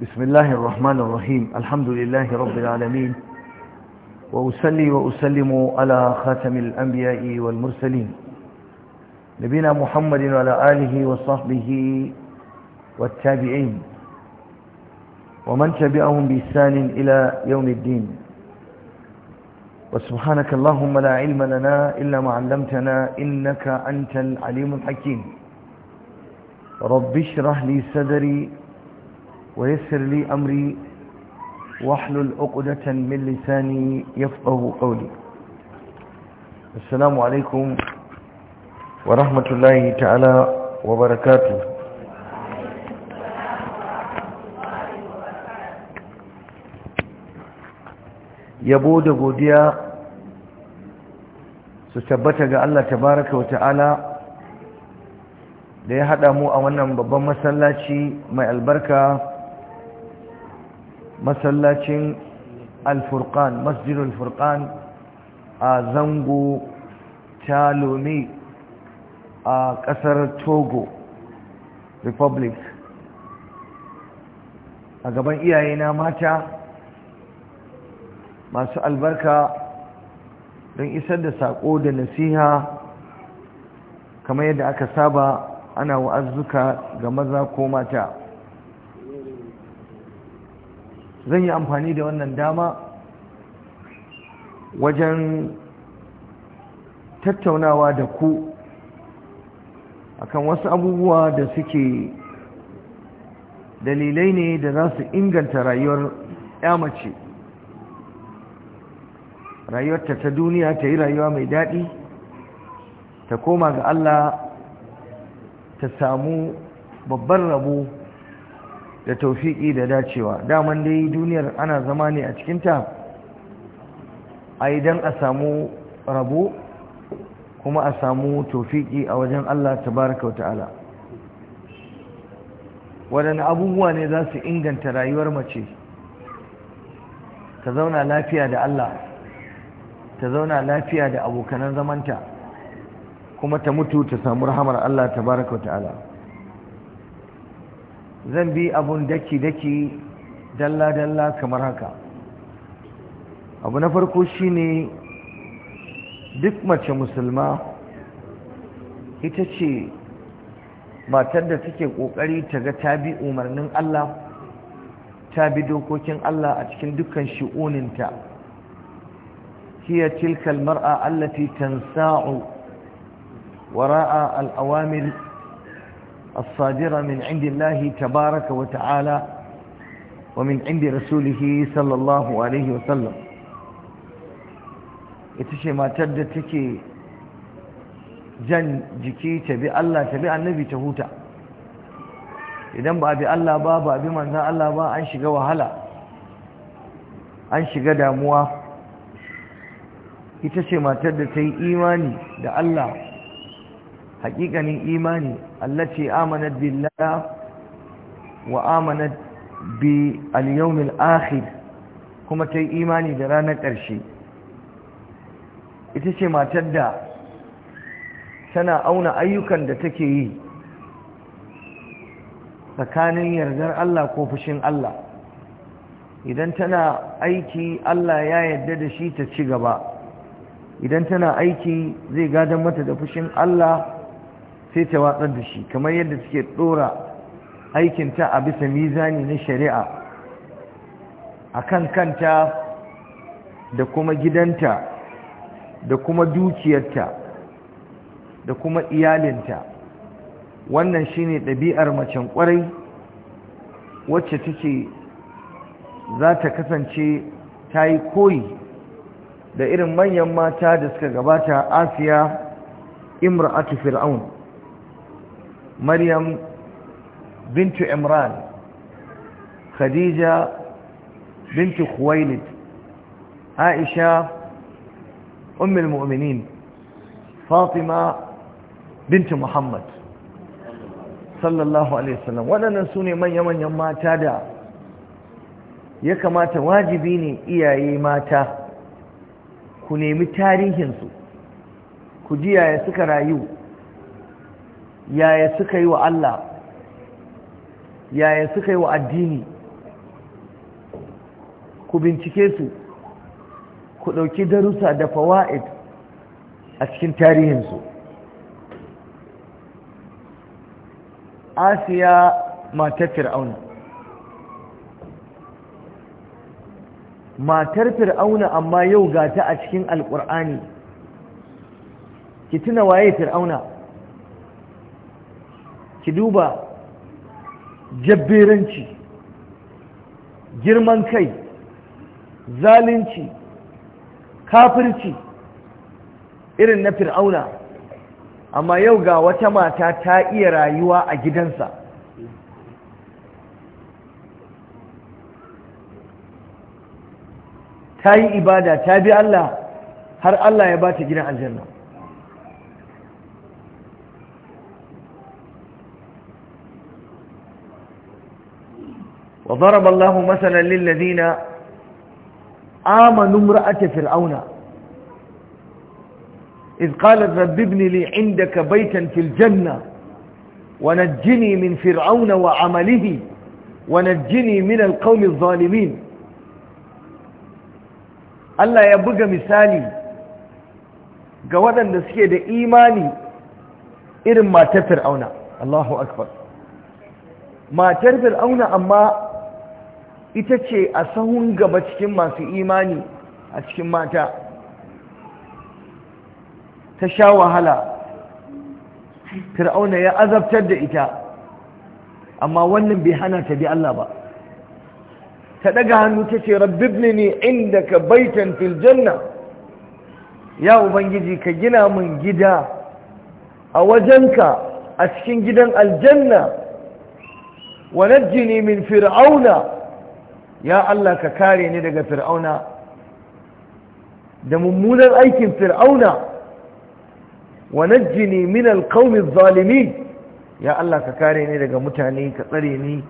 بسم الله الرحمن الرحيم الحمد لله رب العالمين وأسلي وأسلم على خاتم الأنبياء والمرسلين نبينا محمد وعلى آله وصحبه والتابعين ومن تبعهم بإحسان إلى يوم الدين وسبحانك اللهم لا علم لنا إلا ما علمتنا إنك أنت العليم الحكيم رب اشرح لي صدري ويسر لي أمري واحلل عقدة من لساني يفقه قولي السلام عليكم ورحمة الله تعالى وبركاته yabo da godiya su tabbata ga Allah tabaraka wa ta'ala da ya haɗa mu a wannan babban masallaci mai albarka masallacin alfurkan masjidul furkan a zango talomi a kasar togo republic a gaban iyayena mata masu albarka don isar da sako da nasiha kamar yadda aka saba ana wa'azzuka ga maza ko mata zan yi amfani da wannan dama wajen tattaunawa da ku akan wasu abubuwa da suke dalilai ne da za su inganta rayuwar mace rayuwarta ta duniya ta yi rayuwa mai daɗi ta koma ga Allah ta samu babban rabo da taufiƙi da dacewa daman yi duniyar ana zama ne a cikinta a idan a samu rabo kuma a samu taufiƙi a wajen Allah tabaraka wa ta'ala waɗanne abubuwa ne za su inganta rayuwar mace ta zauna lafiya da Allah ta zauna lafiya da abokanan zamanta kuma ta mutu ta samu rahamar Allah tabaraka wa ta'ala zan bi abun daki-daki dalla-dalla kamar haka abu na farko shi ne duk mace musulma ita ce matar da take kokari ta ga ta bi umarnin Allah ta bi dokokin Allah a cikin dukkan shi'uninta hiya tilkal mar'a allati tansa'u wara'a al-awamir الصادرة من عند الله تبارك وتعالى ومن عند رسوله صلى الله عليه وسلم يتشي ما تدتك jan jiki tabi bi Allah ta annabi ta huta idan ba bi Allah ba ba bi manzan Allah ba an shiga wahala an shiga damuwa ita ce matar da ta yi imani da Allah haƙiƙanin imani allaci amanat billah wa amanat bi al-yawmil akhir kuma ta yi imani da ranar ƙarshe ita ce matar da tana auna ayyukan da take yi tsakanin yardar Allah ko fushin Allah idan tana aiki Allah ya yarda da shi ta ci gaba idan tana aiki zai gadon mata da fushin Allah sai ta watsar da shi kamar yadda suke ɗora aikinta a bisa mizani na shari'a a kan kanta da kuma gidanta da kuma dukiyarta da kuma iyalinta wannan shine ɗabi'ar macen ƙwarai wacce take za ta kasance ta yi koyi da irin manyan mata da suka gabata asiya imra'atu fir'aun مريم بنت عمران خديجة بنت خويلد عائشة أم المؤمنين فاطمة بنت محمد صلى الله عليه وسلم ولا ننسوني من يمن يما تادع يكما تواجبيني إياي ما تا كنيم تاريخ كجيا يسكر أيوه yaya suka yi wa Allah yaya suka yi wa addini ku bincike su ku ɗauki darussa da fawa'id a cikin tarihinsu asiya matar fir'auna matar fir'auna amma yau gata a cikin alƙur'ani ki tuna waye fir'auna ki duba jabberanci girman kai zalunci kafirci irin na fir'auna amma yau ga wata mata ta iya rayuwa a gidansa ta yi ibada ta bi Allah har Allah ya ba ta gidan aljanna وضرب الله مثلا للذين آمنوا امرأة فرعون إذ قالت رب ابن لي عندك بيتا في الجنة ونجني من فرعون وعمله ونجني من القوم الظالمين Allah ya buga misali ga waɗanda suke da imani irin matar fir'auna Allahu akbar matar fir'auna amma ita ce a sahun gaba cikin masu imani a cikin mata ta sha wahala fir'auna ya azabtar da ita amma wannan bai hana ta bi Allah ba ta daga hannu ta ce rabbibni inda baitan fil janna ya ubangiji ka gina min gida a wajenka a cikin gidan aljanna wa najjini min fir'auna ya Allah ka kare ni daga fir'auna da mummunar aikin fir'auna wa najjini min alqawmi adh-dhalimin ya Allah ka kare ni daga mutane ka tsare ni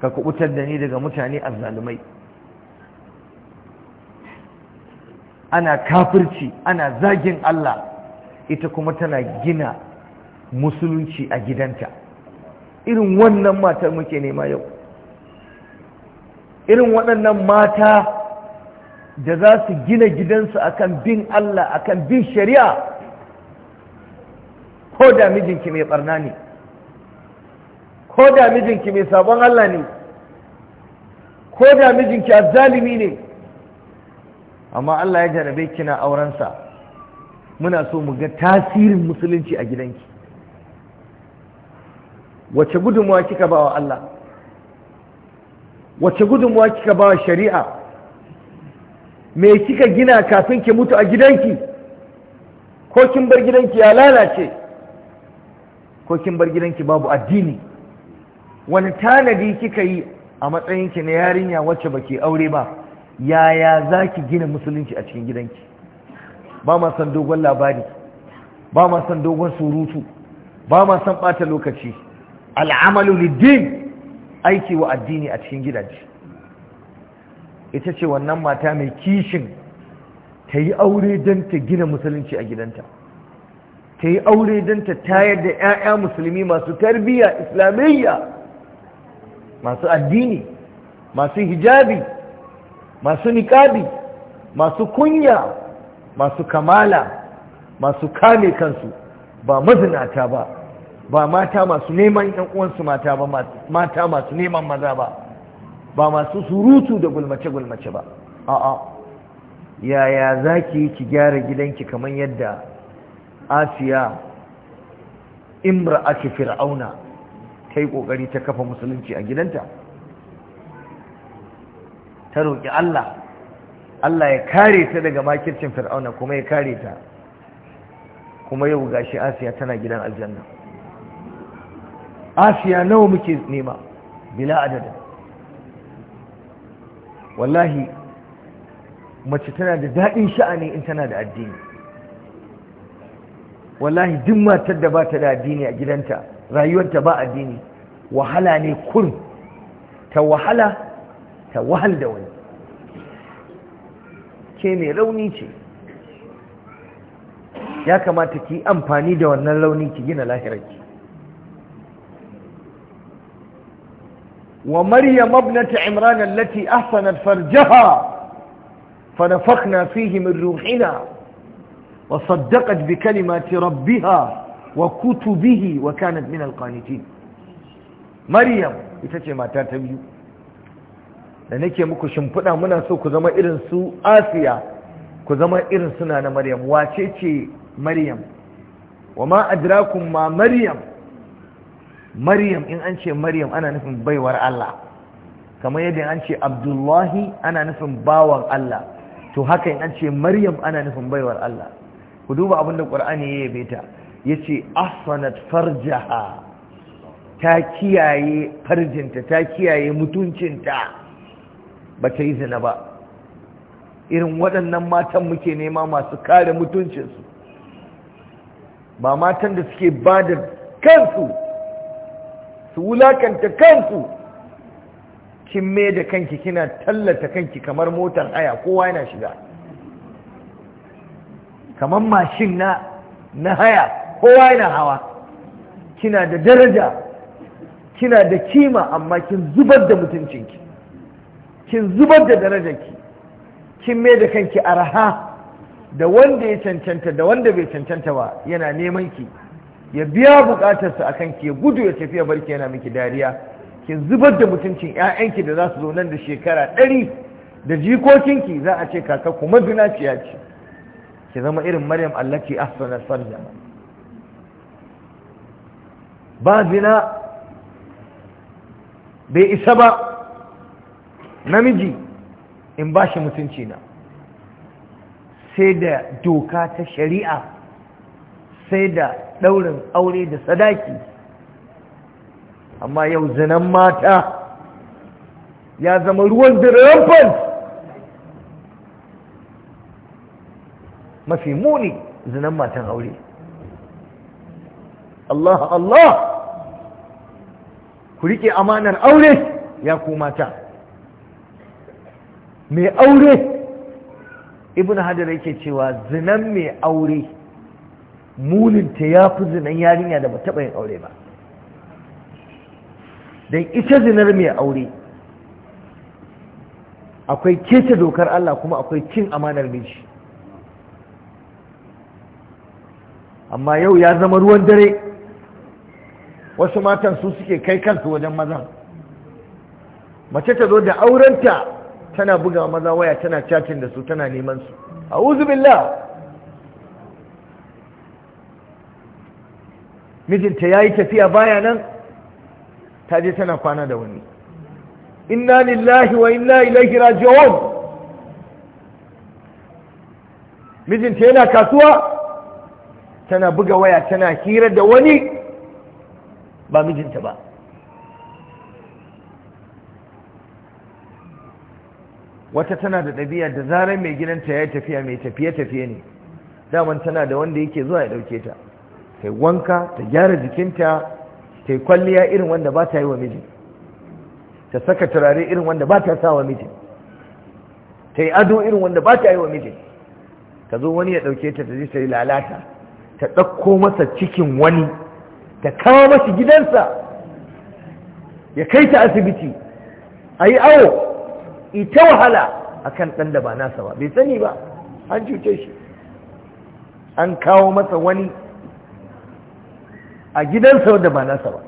ka kubutar da ni daga mutane azzalumai ana kafirci ana zagin Allah ita kuma tana gina musulunci a gidanta irin wannan matar muke nema yau irin waɗannan mata da za su gina gidansu akan bin Allah akan bin shari'a ko da mijinki mai barna ne ko da mijinki mai sabon Allah ne ko da mijinki azzalimi ne amma Allah ya jarabe kina aurensa muna so mu ga tasirin musulunci a gidanki wace gudunmawa kika ba wa Allah wace gudunmuwa kika ba shari'a me kika gina kafin ki mutu a gidanki ko kin bar gidanki ya lalace ko kin bar gidanki babu addini wani tanadi kika yi a matsayinki na yarinya wacce baki aure ba yaya za ki gina musulunci a cikin gidanki ba ma san dogon labari ba ma san dogon surutu ba ma san ɓata lokaci al'amalu liddin aiki wa addini a cikin gidaje ita ce wannan mata mai kishin ta yi aure don ta gina musulunci a gidanta ta yi aure don ta tayar da 'ya'ya musulmi masu tarbiyya islamiyya masu addini masu hijabi masu niƙabi masu kunya masu kamala masu kame kansu ba mazinata ba ba mata masu neman yan uwansu mata ba mata masu neman maza ba ba masu surutu da gulmace gulmace ba a'a yaya zaki ki gyara gidanki kamar yadda asiya imra'ati fir'auna ta yi ƙoƙari ta kafa musulunci a gidanta ta roƙi Allah Allah ya kare ta daga makircin fir'auna kuma ya kare ta kuma yau gashi asiya tana gidan aljanna asiya nawa muke nema bila adadin wallahi mace tana da daɗin sha'ani in tana da addini wallahi duk matar da ba ta da addini a gidanta rayuwarta ba addini wahala ne kun ta wahala ta wahal da wani ke mai rauni ce ya kamata ki amfani da wannan rauni ki gina lahirarki ومريم ابنة عمران التي أحسنت فرجها فنفخنا فيه من روحنا وصدقت بكلمات ربها وكتبه وكانت من القانتين مريم يتكي ما تاتبيو لنكي مكو شمبنا منا سو كزما إرن سو آسيا كزما إرن سنانا مريم واتيكي مريم وما أدراكم ما مريم maryam in an ce maryam ana nufin baiwar Allah kamar yadda an ce abdullahi ana nufin bawan Allah to haka in an ce maryam ana nufin baiwar Allah ku duba abin da ƙwar'ani ya yabe ta ya ce asanat farjaha ta kiyaye farjinta ta kiyaye mutuncinta ba ta yi zina ba irin waɗannan matan muke nema masu kare mutuncinsu ba matan da suke ba da kansu su wulakanta kanku kin me da kanki kina tallata kanki kamar motar haya kowa yana shiga kamar mashin na na haya kowa yana hawa kina da daraja kina da kima amma kin zubar da mutuncinki kin zubar da darajarki kin me da kanki araha da wanda ya cancanta da wanda bai cancanta ba yana neman ki ya biya bukatarsa akan ki ya gudu ya tafiya barki yana miki dariya ki zubar da mutuncin ƴaƴanki da za su zo nan da shekara ɗari da jikokinki za a ce kaka kuma zinaciya ce ki zama irin maryam allaki ahsana sallama ba zina bai isa ba namiji in ba shi mutunci na sai da doka ta shari'a sai da ɗaurin aure da sadaki amma yau zinan mata ya zama ruwan diramfan mafi muni zinan matan aure Allah Allah ku rike amanar aure ya ku mata mai aure ibn hajar yake cewa zinan mai aure muninta ya fi zinan yarinya da ba taɓa yin aure ba don ita zinar mai aure akwai keta dokar Allah kuma akwai cin amanar miji amma yau ya zama ruwan dare wasu matan su suke kai kansu wajen maza mace ta zo da aurenta tana buga maza waya tana cacin da su tana neman su a uzubillah mijinta ya yi tafiya baya nan ta je tana kwana da wani inna lillahi wa inna ilaihi raji'un mijinta yana kasuwa tana buga waya tana hira da wani ba mijinta ba wata tana da ɗabi'a da zarar mai gidanta ya yi tafiya mai tafiye-tafiye ne daman tana da wanda yake zuwa ya ɗauke ta ta yi wanka ta gyara jikinta ta yi kwalliya irin wanda ba ta yi wa mijin, ta saka turare irin wanda ba ta sa wa mijin, ta yi ado irin wanda ba ta yi wa mijin. ta zo wani ya ɗauke ta ta ji ta yi lalata ta ɗauko masa cikin wani ta kawo masa gidansa ya kai ta asibiti a yi awo ita wahala akan ɗan da ba nasa ba bai sani ba an cuce shi an kawo masa wani a gidansa wanda ba nasa ba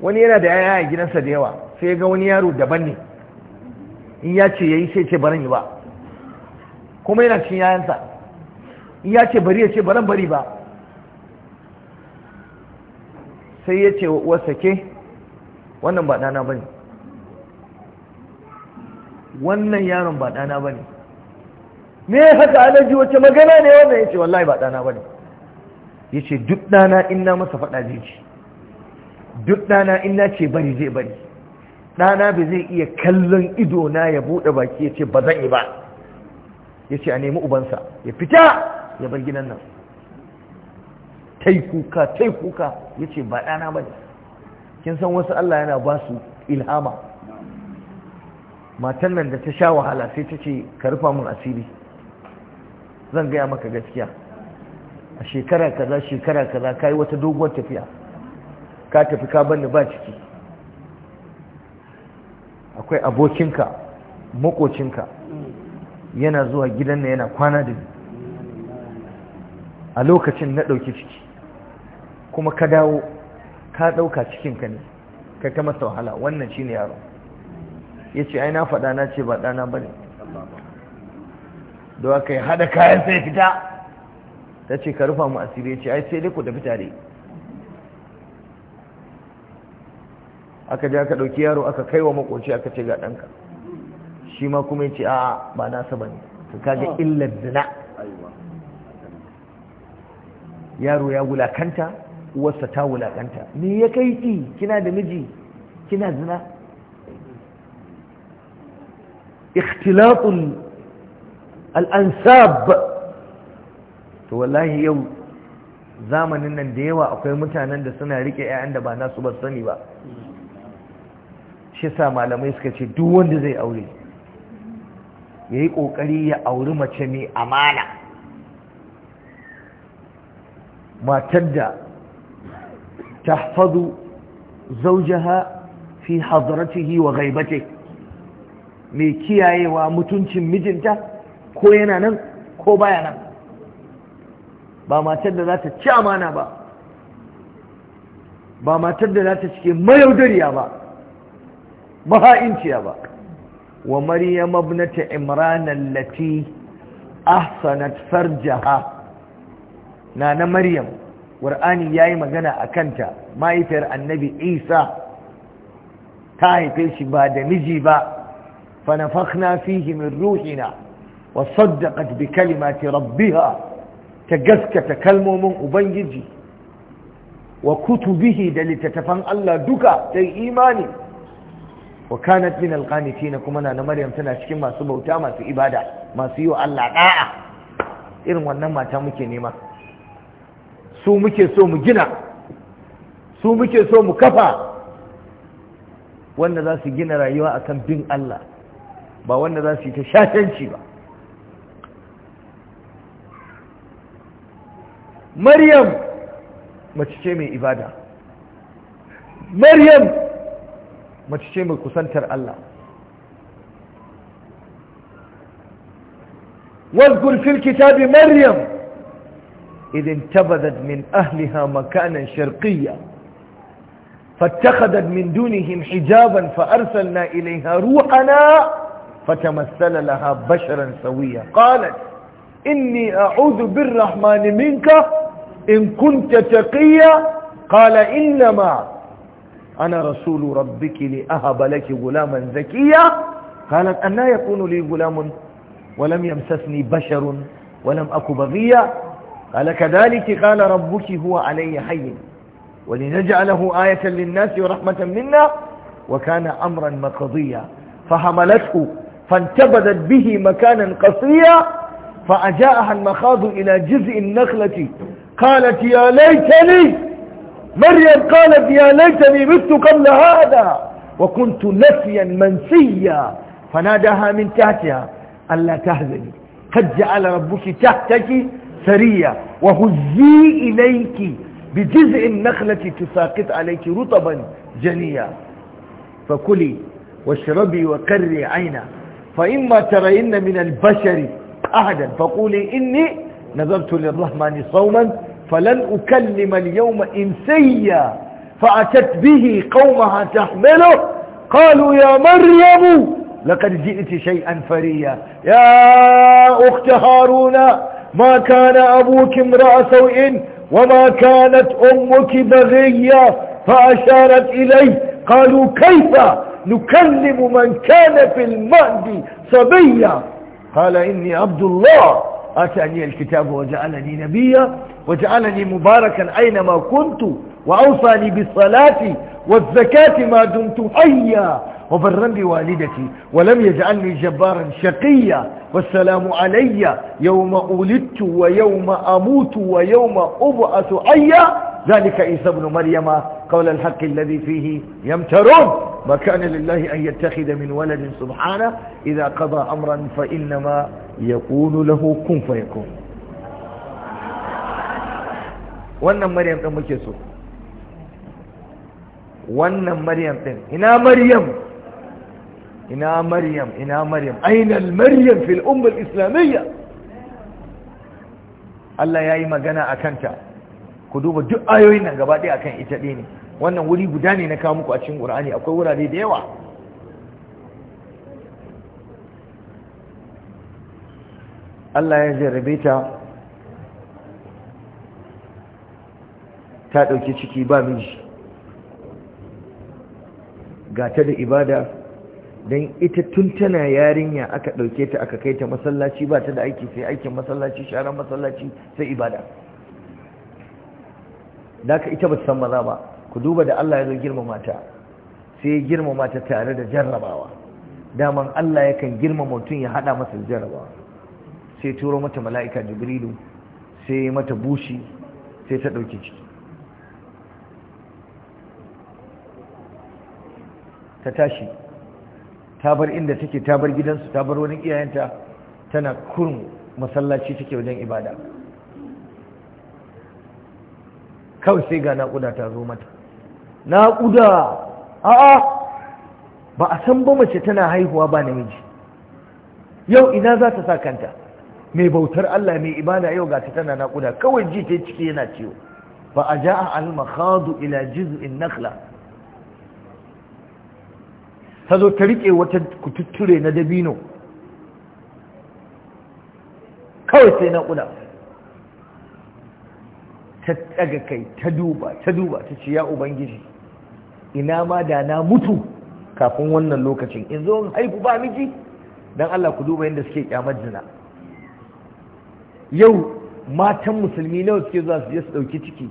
wani yana da yaya a gidansa da yawa sai ga wani yaro daban ne in ya ce ya yi sai ce baran yi ba kuma yana cin yayansa in ya ce bari ya ce baran bari ba sai ya ce wasa ke wannan ba dana ba ne wannan yaron ba dana ba ne me haka alaji wace magana ne wannan ya ce wallahi ba dana ba ne ya ce duk ɗana in na masa faɗa zai ci duk ɗana in na ce bari zai bari ɗana ba zai iya kallon ido na ya buɗe baki ya ce ba zan yi ba ya ce a nemi ubansa ya fita ya bar gidan nan tai kuka tai kuka ya ce ba ɗana ba ne kin san wasu Allah yana ba su ilhama matan nan da ta sha wahala sai ta ce ka rufa mun asiri zan gaya maka gaskiya a shekara kaza shekara kaza kai wata doguwar tafiya ka tafi ka ni ba ciki akwai abokinka makocinka yana zuwa gidan na yana kwana da ni a lokacin na ɗauki ciki kuma ka dawo ka ɗauka cikinka ne ka ta masa wahala wannan shine yaro ya ce ai na faɗa na ce ba ɗana ba ne da aka yi haɗa kayan sai fita ta ce ka rufa mu asiri ce ai sai dai ku tafi tare aka je aka ɗauki yaro aka kai wa makoci aka ce ga ɗanka shi ma kuma ya ce a ba nasa ba ne ka kaga illar zina yaro ya wulakanta uwarsa ta wulakanta ni ya kai ki kina da miji kina zina ikhtilatul al'ansab to wallahi yau zamanin nan da yawa akwai mutanen da suna rike 'ya'yan da ba nasu ba sani ba shi sa malamai suka ce duk wanda zai aure ya yi ƙoƙari ya auri mace mai amana matar da ta fadu zaujaha fi hadaratihi wa gaibate mai kiyayewa mutuncin mijinta ko yana nan ko baya nan ba matar da za ta ci amana ba ba matar da za ta cike mayaudariya ba maha'inciya ba wa maryam ibnata imran allati ahsanat farjaha na maryam qur'ani yayi magana akan ta mahaifiyar annabi isa ta haife shi ba da miji ba fa nafakhna fihi min ruhina wa saddaqat bi kalimati rabbiha ta gaskata kalmomin ubangiji wa kutubihi da littattafan Allah duka ta imani wa kanat min na kuma na Maryam tana cikin masu bauta masu ibada masu yi wa Allah da'a irin wannan mata muke nema su muke so mu gina su muke so mu kafa wanda za su gina rayuwa akan bin Allah ba wanda za su yi ta shatanci ba مريم mace ce mai ibada maryam mace ce mai واذكر في الكتاب مريم إذ انتبذت من أهلها مكانا شرقيا فاتخذت من دونهم حجابا فأرسلنا إليها روحنا فتمثل لها بشرا سويا قالت إني أعوذ بالرحمن منك إن كنت تقيا قال إنما أنا رسول ربك لأهب لك غلاما زكيا قالت أنا يكون لي غلام ولم يمسسني بشر ولم أك بغيا قال كذلك قال ربك هو علي حي ولنجعله آية للناس ورحمة منا وكان أمرا مقضيا فحملته فانتبذت به مكانا قصيا فأجاءها المخاض إلى جزء النخلة قالت يا ليتني مريم قالت يا ليتني مت قبل هذا وكنت نسيا منسيا فناداها من تحتها ألا تهزني قد جعل ربك تحتك سريا وهزي إليك بجزء النخلة تساقط عليك رطبا جنيا فكلي واشربي وقري عينا فإما ترين من البشر أحدا فقولي إني نذرت للرحمن صوما فلن أكلم اليوم إنسيا فأتت به قومها تحمله قالوا يا مريم لقد جئت شيئا فريا يا أخت هارون ما كان أبوك امرأ سوء وما كانت أمك بغية فأشارت إليه قالوا كيف نكلم من كان في المهد صبيا قال إني عبد الله آتاني الكتاب وجعلني نبيا وجعلني مباركا أينما كنت وأوصاني بالصلاة والزكاة ما دمت حيا وبرا بوالدتي ولم يجعلني جبارا شقيا والسلام علي يوم ولدت ويوم أموت ويوم أبعث حيا ذلك عيسى ابن مريم قول الحق الذي فيه يمترون ما كان لله أن يتخذ من ولد سبحانه إذا قضى أمرا فإنما yaqulu lahu fayakun wannan maryam din muke so wannan maryam din ina maryam ina maryam ina maryam aina maryam fi umm al islamiyya Allah yayi magana akanta ku duba duk ayoyin nan gaba ɗaya akan ita ɗaya ne wannan wuri guda ne na kawo muku a cikin Qur'ani akwai wurare da yawa Allah ya jarrabe ta ta ɗauki ciki ba miji ga ta da ibada don ita tun tana yarinya aka ɗauke ta aka kai ta masallaci ba ta da aiki sai aikin masallaci sharan masallaci sai ibada da ka ita ba ta san maza ba ku duba da Allah ya zo girmama ta sai ya girmama ta tare da jarrabawa daman Allah yakan girmama mutum ya haɗa masa jarrabawa sai turo mata mala'ika jibrilu sai mata bushi sai ta ɗauki ciki ta tashi ta bar inda take ta bar gidansu ta bar wani iyayenta tana kurin masallaci take wajen ibada kawai sai ga naƙuda ta zo mata naƙuda a'a ba a san ba mace tana haihuwa ba namiji yau ina za ta sa kanta mai bautar Allah mai ibada yau ga ta tana naƙuda kawai ji ta ciki yana ciwo fa a ja'a al-makhadu ila juz'in nakhla ta ta rike wata kututture na dabino kawai sai naƙuda ta tsaga kai ta duba ta duba ta ce ya ubangiji ina ma da na mutu kafin wannan lokacin in zo haihu ba miji dan Allah ku duba yadda suke kyamar zina yau matan musulmi nawa suke zuwa su je su dauki ciki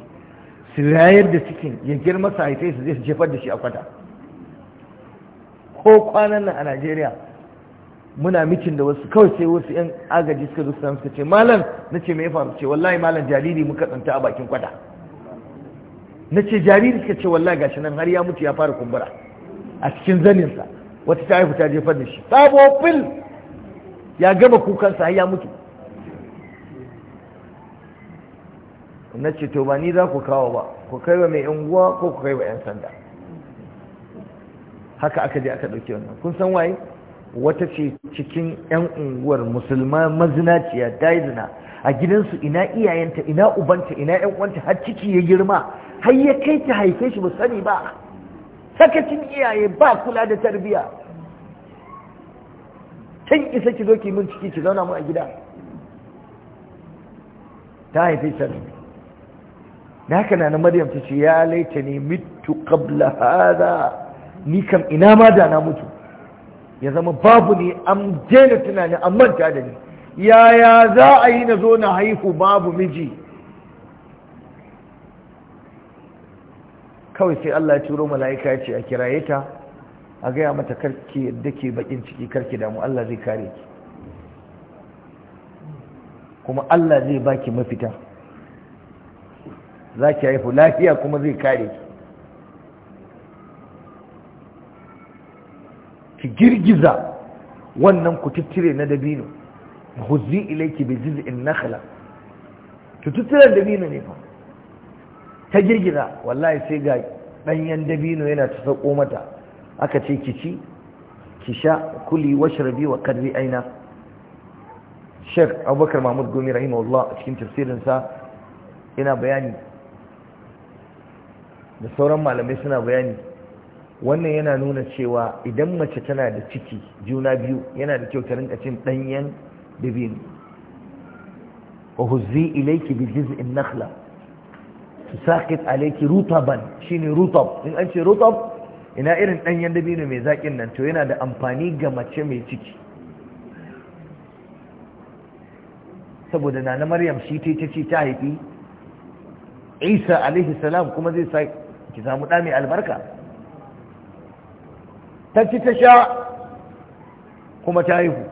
su rayar da cikin ya girma su haifai su je su jefar da shi a kwata ko kwanan nan a najeriya muna mikin da wasu kawai sai wasu yan agaji suka zo suka ce malam na ce mai faru ce wallahi malam jariri muka tsanta a bakin kwata na ce jariri suka ce wallahi gashi nan har ya mutu ya fara kumbura a cikin zaninsa wata ta haifu ta jefar da shi sabo fil ya gama kukansa har ya mutu na ce to ba ni za ku kawo ba ku kai wa mai unguwa ko ku kai wa 'yan sanda haka aka je aka ɗauki wannan kun san waye wata ce cikin 'yan unguwar musulma mazinaciya ta a gidansu ina iyayenta ina ubanta ina 'yan uwanta har ciki ya girma har ya kai ta haife shi ba sani ba sakacin iyaye ba kula da tarbiyya can isa ki zo ki min ciki ki zauna mu a gida ta haife shi da haka na maryam ta ce ya laita ne mitu kabla hada ni kam ina ma da na mutu ya zama babu ne an daina tunani an manta da ni yaya za a yi na zo na haihu babu miji kawai sai Allah ya turo mala'ika ya ce a kiraye ta a gaya mata karki yadda ke bakin ciki karki damu Allah zai kare ki kuma Allah zai baki mafita za ki haifu lafiya kuma zai kare ki ki girgiza wannan kututtire na dabino huzzi ilaiki bi jiz'in nakhla kututtiren dabino ne fa ta girgiza wallahi sai ga ɗanyen dabino yana ta sauko mata aka ce ki ci ki sha kuli washrabi wa kadri aina Sheikh Abubakar Mahmud Gumi rahimahullah a cikin tafsirinsa yana bayani da sauran malamai suna bayani wannan yana nuna cewa idan mace tana da ciki juna biyu yana da kyau ta rinka cin danyen dabin. wa huzzi ilayki bi jiz'in nakhla tusaqit alayki rutaban shine rutab in an ce rutab ina irin danyen dabino mai zakin nan to yana da amfani ga mace mai ciki saboda nana maryam shi ta ce ta haifi isa alaihi salam kuma zai ki samu ɗa mai albarka ta ci ta sha kuma ta haihu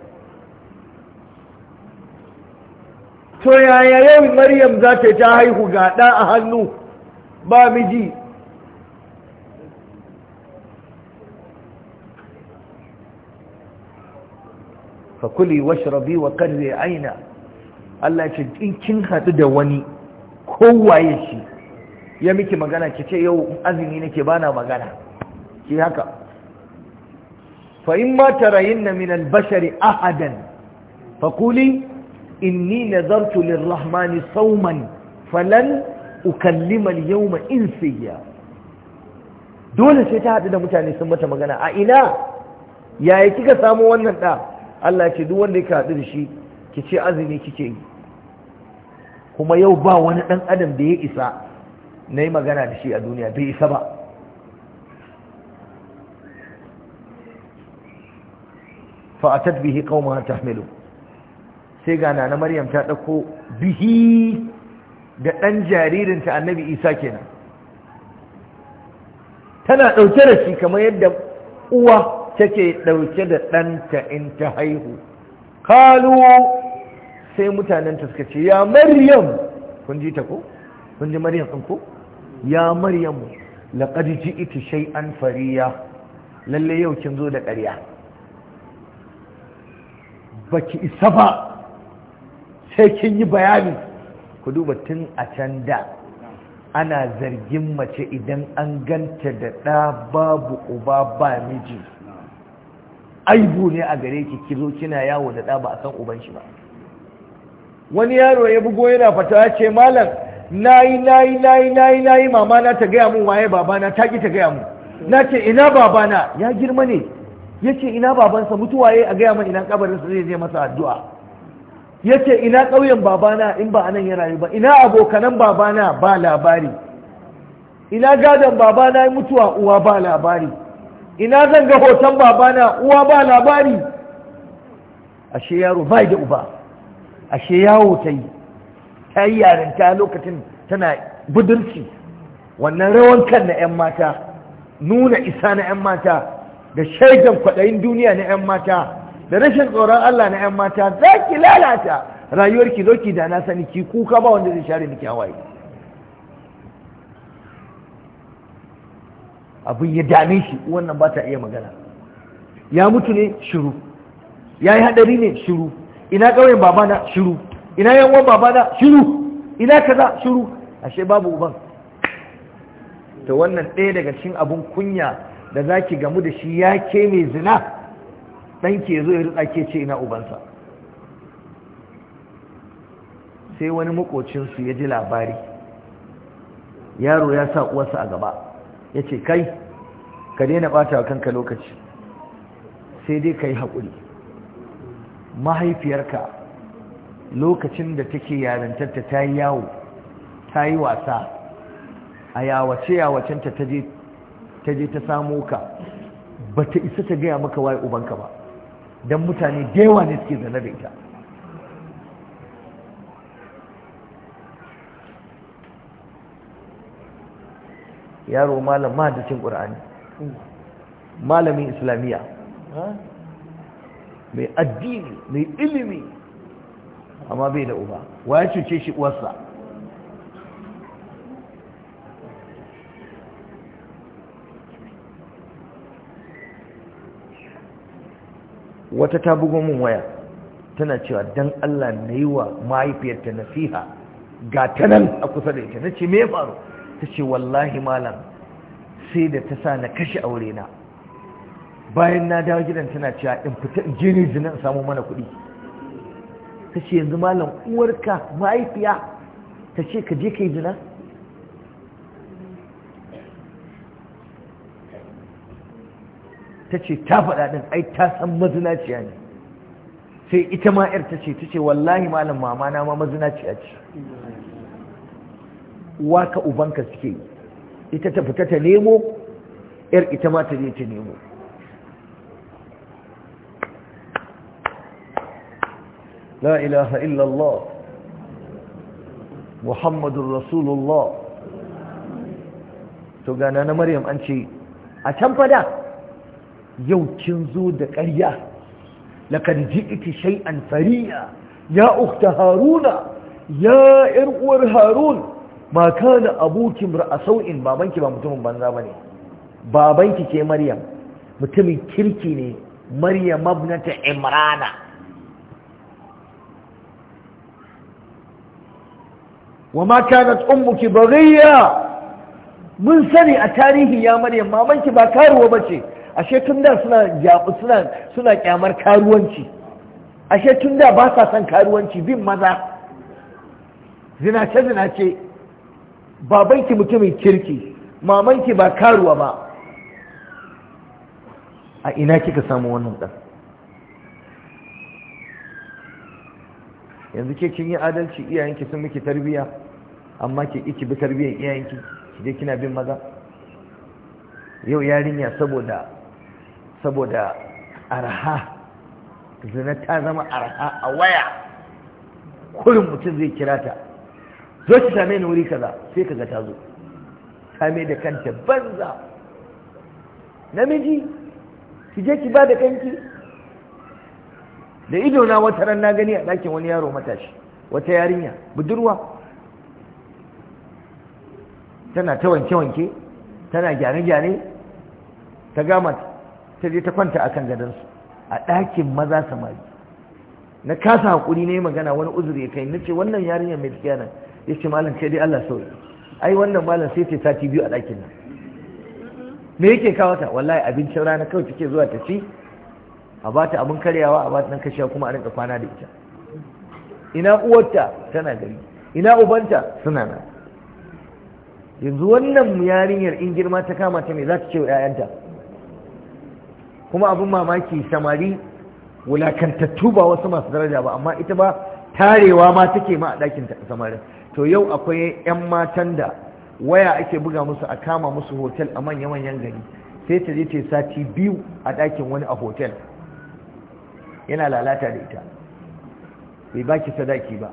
to yaya yau maryam za ta ta haihu ga ɗa a hannu ba miji fakuli washrabi wa karre aina Allah ce in kin haɗu da wani kowaye shi ya miki magana ki ce yau azumi nake bana magana ki haka fa in ma tarayinna min al-bashari ahadan faquli inni nazartu lir-rahmani sawman falan ukallima al-yawma insiya dole sai ta hadu da mutane sun mata magana a ina yaya kika samu wannan da Allah ce duk wanda yake hadu da shi ki ce azumi kike yi kuma yau ba wani dan adam da ya isa na yi magana da shi a duniya bai isa ba fa'atat bihi qauma tahmilu sai ga na maryam ta dauko bihi da ɗan jaririnta annabi isa kenan tana ɗauke da shi kamar yadda uwa take ɗauke da ɗanta in ta haihu kalu sai mutanenta suka ce ya maryam kun ji ta ko kun ji maryam ɗin ko ya maryam laqad ji'ti shay'an fariya lalle yau kin zo da ƙarya baki isa ba sai kin yi bayani ku duba tun a can da ana zargin mace idan an ganta da ɗa babu uba ba miji aibu ne a gare ki zo kina yawo da ɗa ba a san uban shi ba wani yaro ya bugo yana fata ya ce malam nayi nayi nayi nayi nayi mama na ta gaya mun waye babana ta ki ta gaya mu na ce ina babana ya girma ne ya ce ina babansa mutuwa ya a gaya mun ina kabarinsa zai je masa addu'a ya ce ina ƙauyen babana in ba anan ya rayu ba ina abokanan babana ba labari ina gadon babana ya mutuwa uwa ba labari ina zan ga hoton babana uwa ba labari ashe yaro bai da uba ashe yawo ta ta yi yarinta lokacin tana budurci wannan rawan kan na 'yan mata nuna isa na 'yan mata da shaidan kwaɗayin duniya na 'yan mata da rashin tsoron Allah na 'yan mata za ki lalata rayuwarki zo ki da na sani ki kuka ba wanda zai share miki hawaye abin ya dame shi wannan ba ta iya magana ya mutu ne shiru ya yi haɗari ne shiru ina ƙauyen babana shiru ina yawan babana shiru ina kaza shiru ashe babu uban to wannan ɗaya daga cikin abun kunya da zaki gamu da shi ya ke mai zina ɗanki ya zo ya rutsa ke ce ina ubansa sai wani makocinsu ya ji labari yaro ya sa uwarsa a gaba ya ce kai ka daina ɓata kanka lokaci sai dai ka yi haƙuri mahaifiyarka lokacin da take yarantarta ta yi yawo ta yi wasa a yawace yawacenta ta je ta samo ka ba ta isa ta gaya maka waye ubanka ba don mutane da yawa ne suke zana da ita yaro malam mahadacin ƙur'ani malamin islamiyya mai addini mai ilimi amma bai da uba wa ya cuce shi uwarsa wata ta bugo min waya tana cewa dan Allah na yi wa mahaifiyarta nasiha ga ta nan a kusa da ita na ce me faru ta ce wallahi malam sai da ta sa na kashe aure na bayan na dawo gidan tana cewa in fita in je ne zina in samu mana kuɗi ta ce yanzu malam uwarka mahaifiya ta ce ka je ka zina ta ce ta faɗa ɗin ai ta san mazinaciya ne sai ita ma 'yar ta ce ta ce wallahi malam mama na ma mazinaciya ce ka ubanka suke yi ita ta fita ta nemo 'yar ita ma ta je ta nemo لا إله إلا الله محمد رسول الله to gana na Maryam an ce a can fada yau kin zo da ƙarya laqad ji'ti shay'an fariya ya ukhta haruna ya ƴar uwar harun ma kana abuki ra'asau'in babanki ba mutumin banza bane babanki ce Maryam mutumin kirki ne Maryam ibnata Imrana wa ma kanat ummuki baghiya mun sani a tarihi ya maryam mamanki ba karuwa bace ashe tun da suna suna suna kyamar karuwanci ashe tun da ba sa son karuwanci bin maza zinace zinace babanki mutumin kirki mamanki ba karuwa ba a ina kika samu wannan dan yanzu ke kin yi adalci iyayenki sun miki tarbiyya amma ki iki bi tarbiyyar iyayenki ki je kina bin maza yau yarinya saboda saboda arha zina ta zama arha a waya kurin mutum zai kira ta zo ki same ni wuri kaza sai kaga ta zo same da kanta banza namiji ki je ki ba da kanki da ido na wata ran na gani a ɗakin wani yaro matashi wata yarinya budurwa tana ta wanke-wanke tana gyane-gyane ta gama ta je ta kwanta a kan gadansu a ɗakin maza samari na kasa haƙuri ne magana wani uzuri ya kai na ce wannan yarinyar mai tafiya nan ya ce malam sai dai Allah sauri ai wannan malam sai ce sati biyu a ɗakin nan me yake kawo ta wallahi abincin rana kawai take zuwa ta ci a ba ta abin karyawa a ba ta nan kashiya kuma a rinka kwana da ita ina uwarta tana gari ina ubanta suna nan yanzu wannan yarinyar in girma ta kama ta me za ta ce wa 'ya'yanta kuma abin mamaki samari wulakantattu ba wasu masu daraja ba amma ita ba tarewa ma take ma a ɗakin samarin to yau akwai 'yan matan da waya ake buga musu a kama musu hotel a manya-manyan gari sai ta je ta sati biyu a ɗakin wani a hotel yana lalata da ita bai baki sadaki ba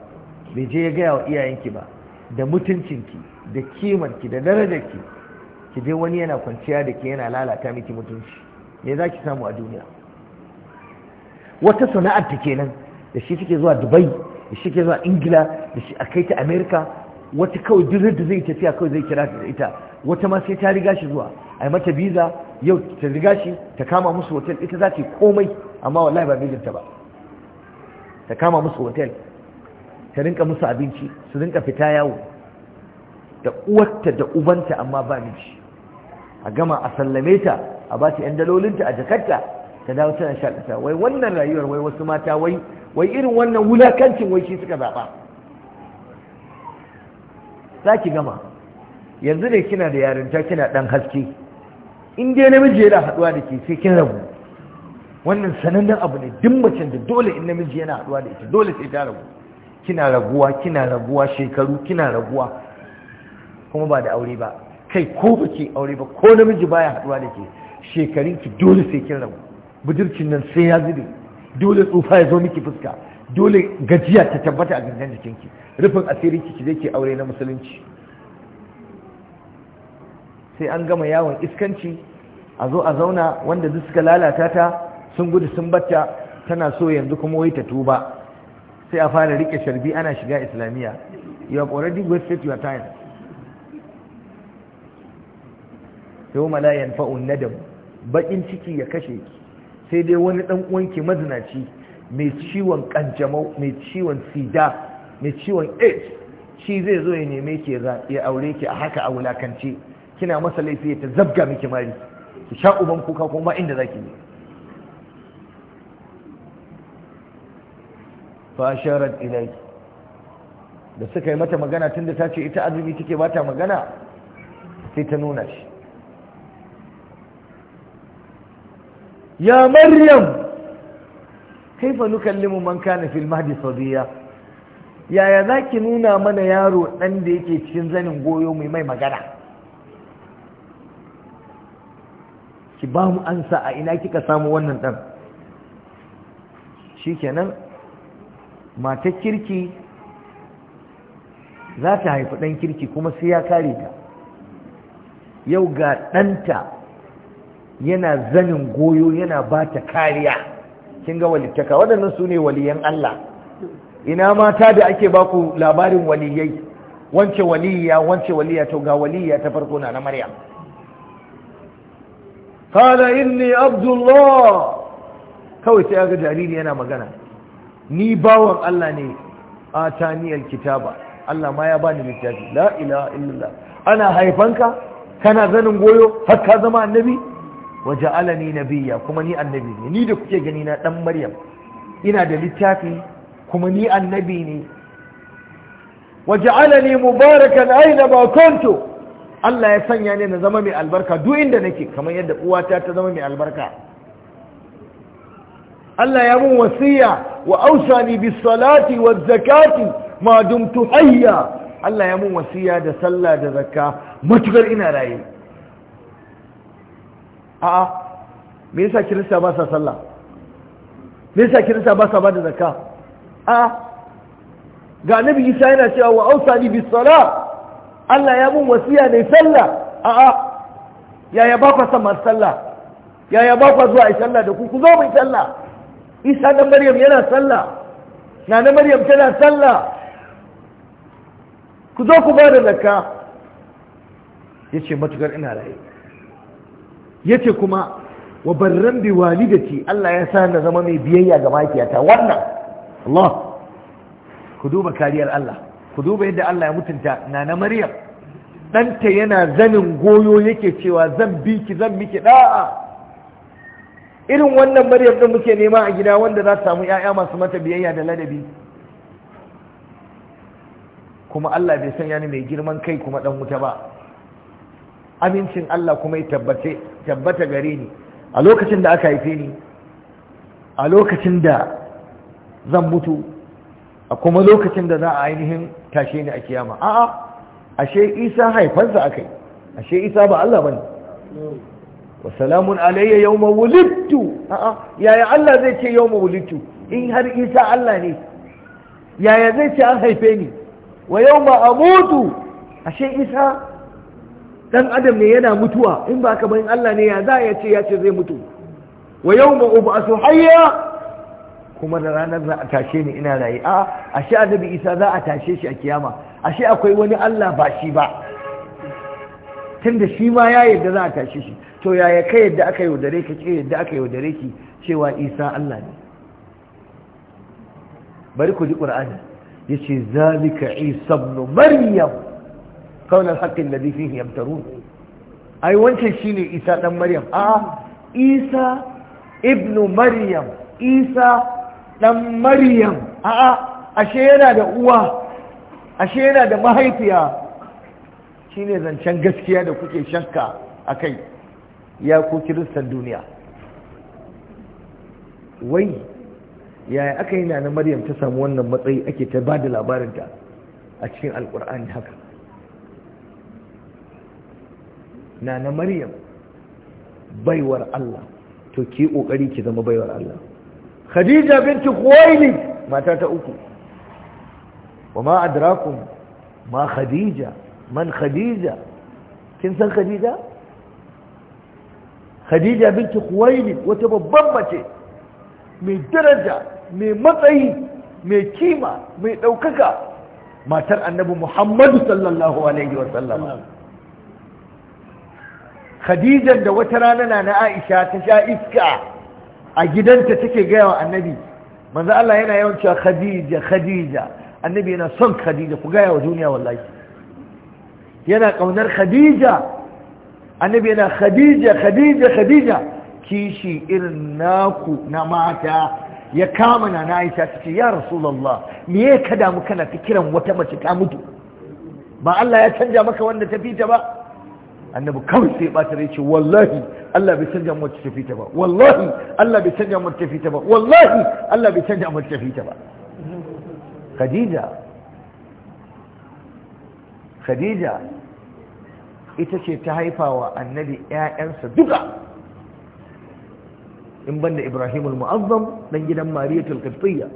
bai je ya gaya wa iyayenki ba da mutuncinki da kimanki da darajarki ki je wani yana kwanciya da ke yana lalata miki mutunci me za ki samu a duniya wata sana'ar ta kenan da shi take zuwa dubai da shi ke zuwa ingila da shi a kai ta amerika wata kawai duk da zai tafiya kawai zai kira ta ita wata ma sai ta riga shi zuwa a mata biza yau ta riga shi ta kama musu hotel ita za ta komai amma wallahi ba mijinta ba ta kama musu hotel ta rinka musu abinci su rinka fita yawo da uwarta da ubanta amma ba shi a gama a sallame ta a ba ta 'yan dalolinta a jakarta ta dawo tana ɗasa, wai wannan rayuwar wai wasu mata wai wai irin wannan wulakancin wai shi suka zaɓa za ki gama yanzu ne kina da yarinta kina ɗan haske in dai namiji yana haɗuwa da ke sai kin rabu wannan sanannen abu ne duk mace da dole in namiji yana haɗuwa da ita dole sai ta rabu kina raguwa kina raguwa shekaru kina raguwa kuma ba da aure ba kai ko ba ke aure ba ko namiji baya haduwa da ke shekarun ki dole sai kin rabu budurcin nan sai ya zube dole tsufa ya zo miki fuska dole gajiya ta tabbata a gangan jikinki rufin asirin ki ki zai ke aure na musulunci sai an gama yawon iskanci a zo a zauna wanda duk suka lalata ta sun gudu sun batta tana so yanzu kuma wai ta tuba sai a fara rike sharbi ana shiga islamiyya you have already wasted your time yau la na nadam bakin ciki ya kashe ki sai dai wani dan uwanki mazinaci mai ciwon kanjamau mai ciwon sida mai ciwon aids shi zai zo ya neme ki ya aure ki a haka a wulakance kina masa laifi ya ta zabga miki mari ki sha uban kuka kuma inda zaki ne fa da suka yi mata magana tunda ta ce ita azumi take bata magana sai ta nuna shi ya maryam kaifa nukallimu man kana fil mahdi sadiya yaya zaki nuna mana yaro dan da yake cikin zanin goyo mai mai magana ki ba mu ansa a ina kika samu wannan dan shikenan matar kirki za ta haifi dan kirki kuma sai ya kare ta yau ga ɗanta yana zanin goyo yana ba ta kariya kin ga walittaka waɗannan su ne waliyan Allah ina mata da ake baku labarin waliyai wance waliya wance waliya to ga waliya ta farko na na Maryam qala inni abdullah kawai sai ga jariri yana magana ni bawan Allah ne ataniyal kitaba Allah ma ya bani littafi la ilaha illallah ana haifanka kana zanin goyo har ka zama annabi wa ja'alani nabiyya kuma ni annabi ne ni da kuke gani na dan maryam ina da littafi kuma ni annabi ne wa mubaraka mubarakan aina ma kuntu Allah ya sanya ni na zama mai albarka duk inda nake kamar yadda uwata ta zama mai albarka Allah ya mun wasiya wa ausa bis salati waz zakati ma dumtu hayya Allah ya mun wasiya da sallah da zakka matukar ina raye a'a me yasa kirista ba sa sallah me yasa kirista ba sa ba da zakka a'a ga annabi Isa yana cewa wa ausani bi sala Allah ya mun wasiya ne sallah a'a yaya ba ku san sallah yaya ba ku zuwa ai sallah da ku ku zo mu sallah Isa da Maryam yana sallah na Maryam tana sallah ku zo ku ba da zakka yace matukar ina raye yace kuma wa barran bi walidati Allah ya sa na zama mai biyayya ga mahaifiyata wannan Allah ku duba kariyar Allah ku duba yadda Allah ya mutunta nana Maryam ɗanta yana zanin goyo yake cewa zan bi ki zan miki da'a irin wannan Maryam din muke nema a gida wanda za ta samu ƴaƴa masu mata biyayya da ladabi kuma Allah bai sanya ni mai girman kai kuma dan wuta ba amincin Allah kuma ya tabbace tabbata gare ni a lokacin da aka haife ni a lokacin da zan mutu a kuma lokacin da za a ainihin tashe ni a kiyama a'a ashe isa aka yi ashe isa ba Allah bane wa salamun alayya yawma wulidtu a'a yaya Allah zai ce yawma wulidtu in har isa Allah ne yaya zai ce an haife ni wa yawma amutu ashe isa dan adam ne yana mutuwa in ba ka bayin Allah ne ya za ya ce ya ce zai mutu wa yawma ub'asu hayya kuma da ranar za a tashe ni ina rayi a ashe annabi Isa za a tashe shi a kiyama ashe akwai wani Allah ba shi ba tunda shi ma ya yadda za a tashe shi to yaya kai yadda aka yaudare ka ce yadda aka yaudare ki cewa Isa Allah ne bari ku ji Qur'ani yace zalika Isa ibn Maryam kaunar haƙƙin da fi yabtaru ai wancan shine isa ɗan maryam a isa ibnu maryam isa ɗan maryam a ashe yana da uwa ashe yana da mahaifiya shine zancen gaskiya da kuke shakka akai ya ku kiristan duniya wai yaya aka yi na maryam ta samu wannan matsayi ake ta ba da labarinta a cikin alkur'ani haka na na maryam baiwar Allah to ki kokari ki zama baiwar Allah khadija binti khuwailid mata ta uku wama adrakum ma khadija man khadija kin san khadija khadija binti khuwailid wata babban mace mai daraja mai matsayi mai kima mai daukaka matar annabi muhammadu sallallahu alaihi wasallam khadijan da wata rana na aisha ta sha iska a gidanta take gaya wa annabi manzo Allah yana yawan cewa khadija khadija annabi yana son khadija ku gaya wa duniya wallahi yana kaunar khadija annabi yana khadija khadija khadija kishi irin naku na mata ya kama na na aisha ta ce ya rasulullah me ya kada mu kana ta kiran wata mace ta mutu ba Allah ya canja maka wanda ta fita ba annabi kawai sai bata rai ce wallahi Allah bai canja mu tafi ta ba wallahi Allah bai canja mu tafi ta ba wallahi Allah bai canja mu tafi ta ba Khadija Khadija ita ce ta haifawa annabi ƴaƴansa duka in banda Ibrahim al-Mu'azzam dan gidan Mariyatul Qibtiyya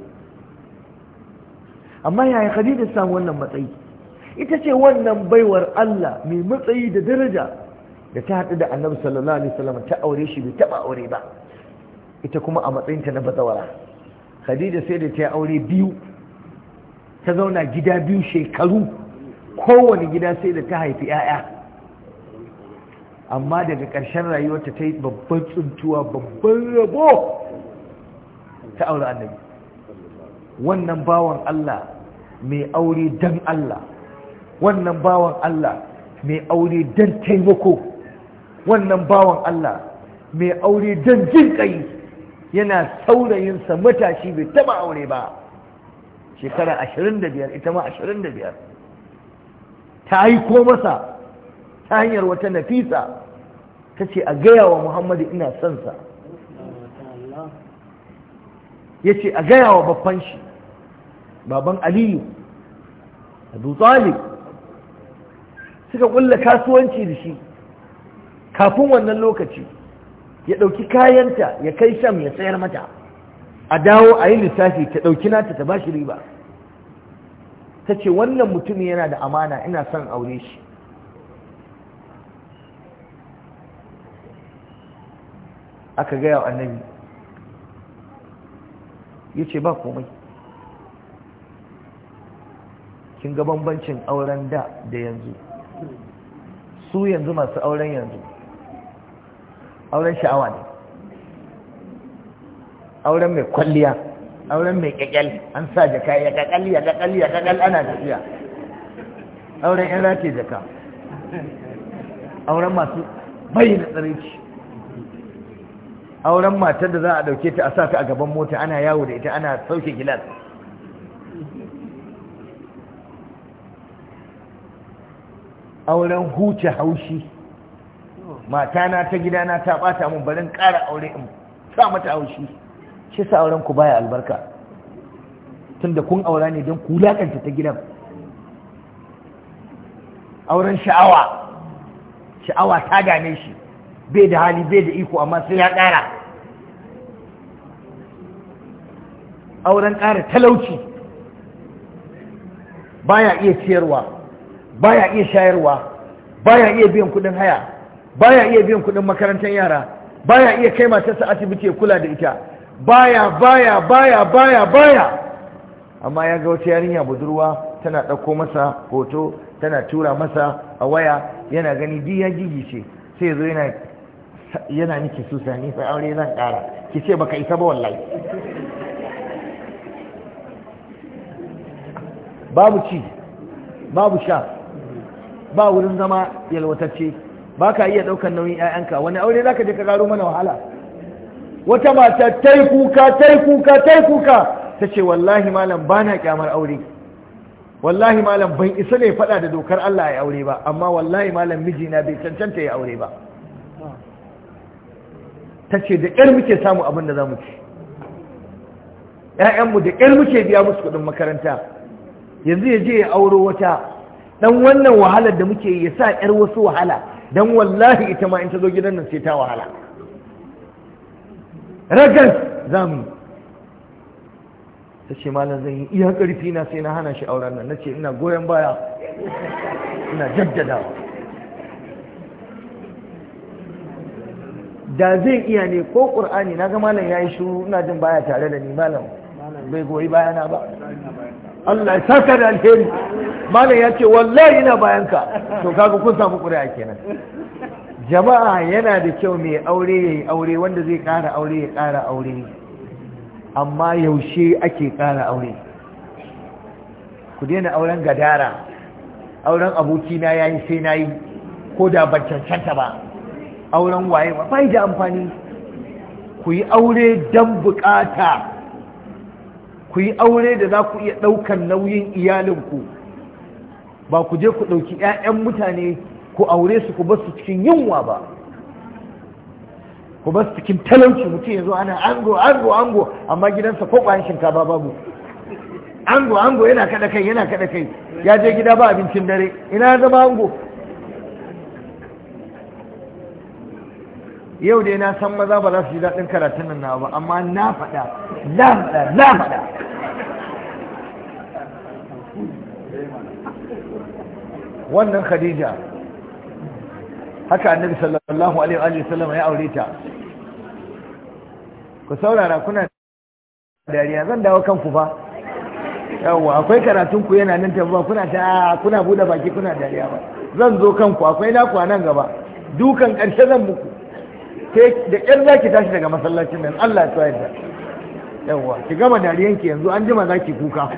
amma yaya Khadija samu wannan matsayi ita ce wannan baiwar Allah mai matsayi da daraja da ta haɗu da annabi sallallahu alaihi wasallam ta aure shi bai taɓa aure ba ita kuma a matsayinta na bazawara khadija sai da ta yi aure biyu ta zauna gida biyu shekaru kowane gida sai da ta haifi 'ya'ya amma daga ƙarshen rayuwarta ta yi babban tsuntuwa babban rabo ta aure annabi wannan bawan Allah mai aure dan Allah wannan bawan Allah mai aure don taimako wannan bawan Allah mai aure don jin yana saurayinsa matashi bai taba aure ba shekara 25 ita ma 25 ta haiko masa ta hanyar wata nafisa ta ce a gaya wa muhammadu ina son sa ya ce a gaya wa babban shi baban aliyu abu talib suka ƙulla kasuwanci da shi kafin wannan lokaci ya ɗauki kayanta ya kai sham ya sayar mata a dawo a yi lissafi ta ɗauki nata ta ba shi riba ta ce wannan mutum yana da amana ina son aure shi aka gaya wa annabi ya ce ba komai kin ga bambancin auren da da yanzu su yanzu masu auren yanzu auren sha'awa ne auren mai kwalliya auren mai kyakyal an sa jaka ya kakal ya kakal ya kakal ana tafiya auren yan race jaka auren masu bayyana tsarici auren matar da za a dauke ta a sa ta a gaban mota ana yawo da ita ana sauke gilas auren huce haushi matana ta gidana ta bata mun barin ƙara aure in sa mata haushi shi sa auren ku baya albarka tunda kun aura ne don ku lakanta ta gidan auren sha'awa sha'awa ta dame shi bai da hali bai da iko amma sai ya ƙara auren ƙara talauci baya iya ciyarwa baya iya shayarwa baya iya biyan kudin haya baya iya biyan kudin makarantar yara baya iya kai matarsa asibiti ya kula da ita baya baya baya baya baya amma ya ga wata yarinya budurwa tana ɗauko masa hoto tana tura masa a waya yana gani ji ya ce sai zo yana yana niki susa ni sai aure zan ƙara ki ce baka isa ba wallahi babu ci babu sha ba wurin zama yalwatacce ba ka iya ɗaukar nauyin 'ya'yanka wani aure za ka je ka gano mana wahala wata mata ta yi kuka ta yi kuka ta yi kuka ta ce wallahi malam ba na aure wallahi malam ban isa ne faɗa da dokar Allah ya aure ba amma wallahi malam mijina bai cancanta ya aure ba ta ce da ƙyar muke samu abin da za mu ci ‘ya'yanmu da ƙyar muke biya musu kuɗin makaranta yanzu ya je ya auro wata Ɗan wannan wahalar da muke ya sa yar wasu wahala dan wallahi ita ma in ta zo gidan nan sai ta wahala ragas mu. ta ce malam zan yi iya ƙarfi na sai na hana shi auren nan na ce ina goyon baya ina jaddadawa da zai iya ne ko ƙur'ani na ga malam ya yi shuru ina jin baya tare da ni malam bai goyi bayana ba Allah ya saka da alheri malam ya ce wallahi ina bayan ka. to kaga kun samu ƙuri'a kenan jama'a yana da kyau mai aure ya yi aure wanda zai ƙara aure ya ƙara aure amma yaushe ake ƙara aure ku daina auren gadara auren abokina ya yi sai na yi ko da ban cancanta ba auren waye ba bai da amfani ku yi aure don bukata ku yi aure da za ku iya ɗaukan nauyin iyalinku ba ku je ku ɗauki 'ya'yan mutane ku aure su ku ba su cikin yunwa ba ku ba su cikin talauci mutum ya zo ana ango ango ango amma gidansa ko ƙwayan shinkafa babu ango ango yana kaɗa kai yana kaɗa kai ya je gida ba abincin dare ina zama ango yau dai na san maza ba za su ji daɗin karatun nan na ba amma na faɗa na faɗa na faɗa wannan khadija haka annabi sallallahu alaihi wa sallam ya aure ta ku saurara kuna dariya zan dawo kanku fa yawa akwai karatun ku yana nan tabba kuna ta kuna bude baki kuna dariya ba zan zo kanku akwai naku a nan gaba dukan ƙarshe zan muku da ƙyar za ki tashi daga masallacin nan Allah ya tsayar da yawa ki gama dariyanki yanzu an jima za ki kuka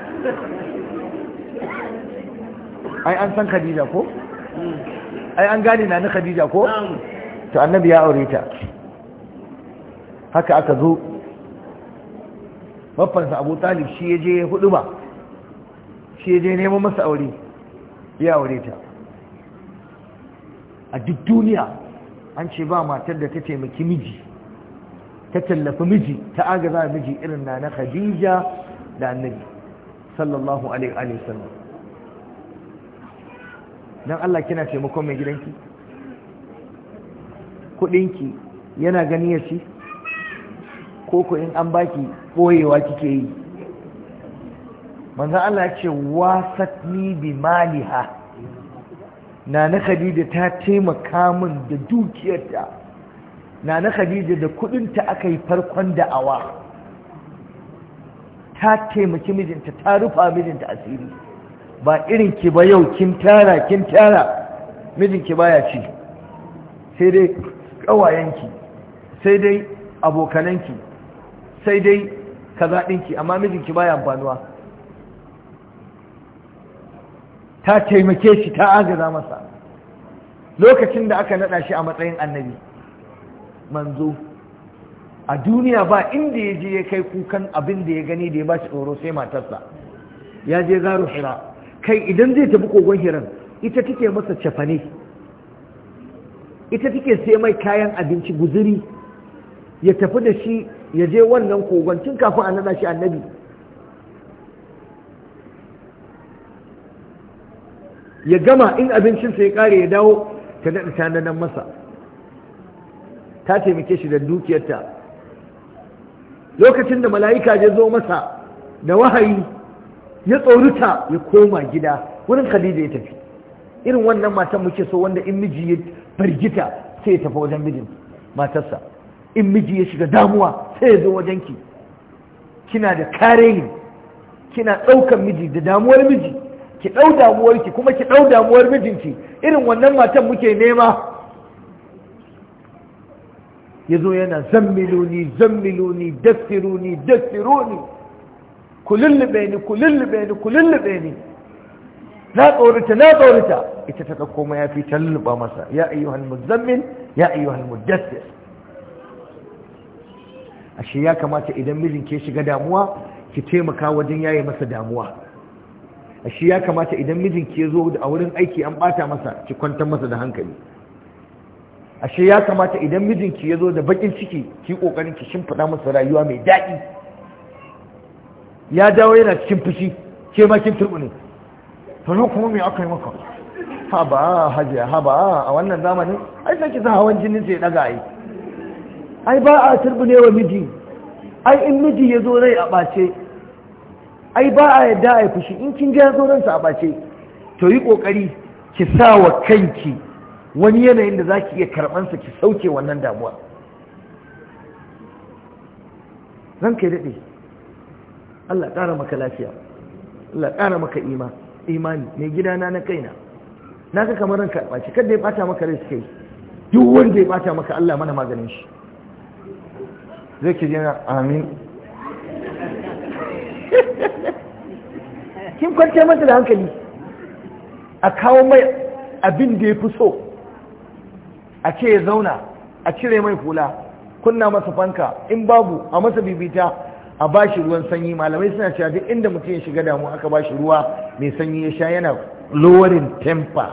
ai an san khadija ko ai an gane na na khadija ko to annabi ya aure ta haka aka zo babbansa abu talib shi ya je hudu ba shi ya je neman masa aure ya aure ta a duk duniya an ce ba matar da ta taimaki miji ta tallafi miji ta agaza miji irin na na khadija da annabi sallallahu alaihi wa sallam dan Allah kina taimakon mai gidanki kudinki yana gani ya ci ko ko in an baki boyewa kike yi manzo Allah ya ce wasatni bi maliha nana khadija ta taimaka min da dukiyarta nana khadija da kudinta aka yi farkon da'awa ta taimaki mijinta ta rufa mijinta asiri ba irin ki ba yau kin tara kin tara mijinki baya ci sai dai kawayenki sai dai abokananki sai dai kaza dinki amma mijinki baya amfanuwa ta taimake shi ta agaza masa lokacin da aka naɗa shi a matsayin annabi manzo a duniya ba inda ya je ya kai kukan abin da ya gani da ya ba shi tsoro sai matarsa ya je garo hira kai idan zai tafi kogon hiran ita take masa cefane ita take sai mai kayan abinci guzuri ya tafi da shi ya je wannan kogon tun kafin a naɗa shi annabi ya gama in abincinsa ya kare ya dawo ta daɗa tananan masa ta taimake shi da dukiyarta lokacin da mala'ika ya zo masa da wahayi ya tsoruta ya koma gida wurin khadija ya tafi irin wannan matan muke so wanda in miji ya fargita sai ya tafi wajen mijin matarsa in miji ya shiga damuwa sai ya zo wajenki kina da kare kina ɗaukan miji da damuwar miji ki ɗau damuwarki kuma ki ɗau damuwar mijinki irin wannan matan muke nema ya zo yana zammiluni zammiluni dastiruni dastiruni ku lullube ni ku lullube ni ku lullube ni na tsorita na tsorita ita ta ɗauko ma ya fi ta lulluba masa ya ayyuhal muzammil ya mu mudassir ashe ya kamata idan mijin ke shiga damuwa ki taimaka wajen yayi masa damuwa shi ya kamata idan mijinki ya zo a wurin aiki an bata masa ki kwantar masa da hankali ashe ya kamata idan mijinki ya zo da bakin ciki ki kokarin ki shimfiɗa masa rayuwa mai daɗi ya dawo yana cikin fushi ke ma kin turbune to kuma me aka yi maka ha ba hajiya ha a wannan zamanin ai sai ki hawan jinin sai daga ai ai ba a turbune wa miji ai in miji ya zo zai a ɓace ai ba a yadda a yi fushi in kin ga yazo ransa a bace to yi kokari ki sa wa kanki wani yanayin da zaki iya karɓansa ki sauke wannan damuwa zan kai daɗe Allah ƙara maka lafiya Allah ƙara maka ima imani mai gidana na kaina na ga kamar ranka ɓaci kada ya ɓata maka rai suke duk wanda ya ɓata maka Allah mana maganin shi zai ki jina amin kin kwance masa da hankali a kawo mai abin da ya fi so a ce ya zauna a cire mai hula kunna masa fanka in babu a masa bibita a bashi ruwan sanyi malamai suna cewa duk inda mutum ya shiga damu aka ba shi ruwa mai sanyi ya sha yana lowering temper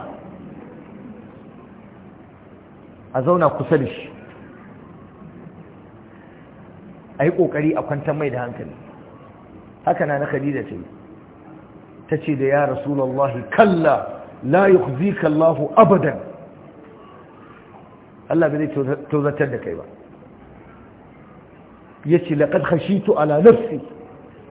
a zauna kusa da shi a yi ƙoƙari a kwantar mai da hankali haka na khadija ce tace da ya rasulullahi kalla la yukhzika Allahu abadan Allah bai tozatar da kai ba yace laqad khashitu ala nafsi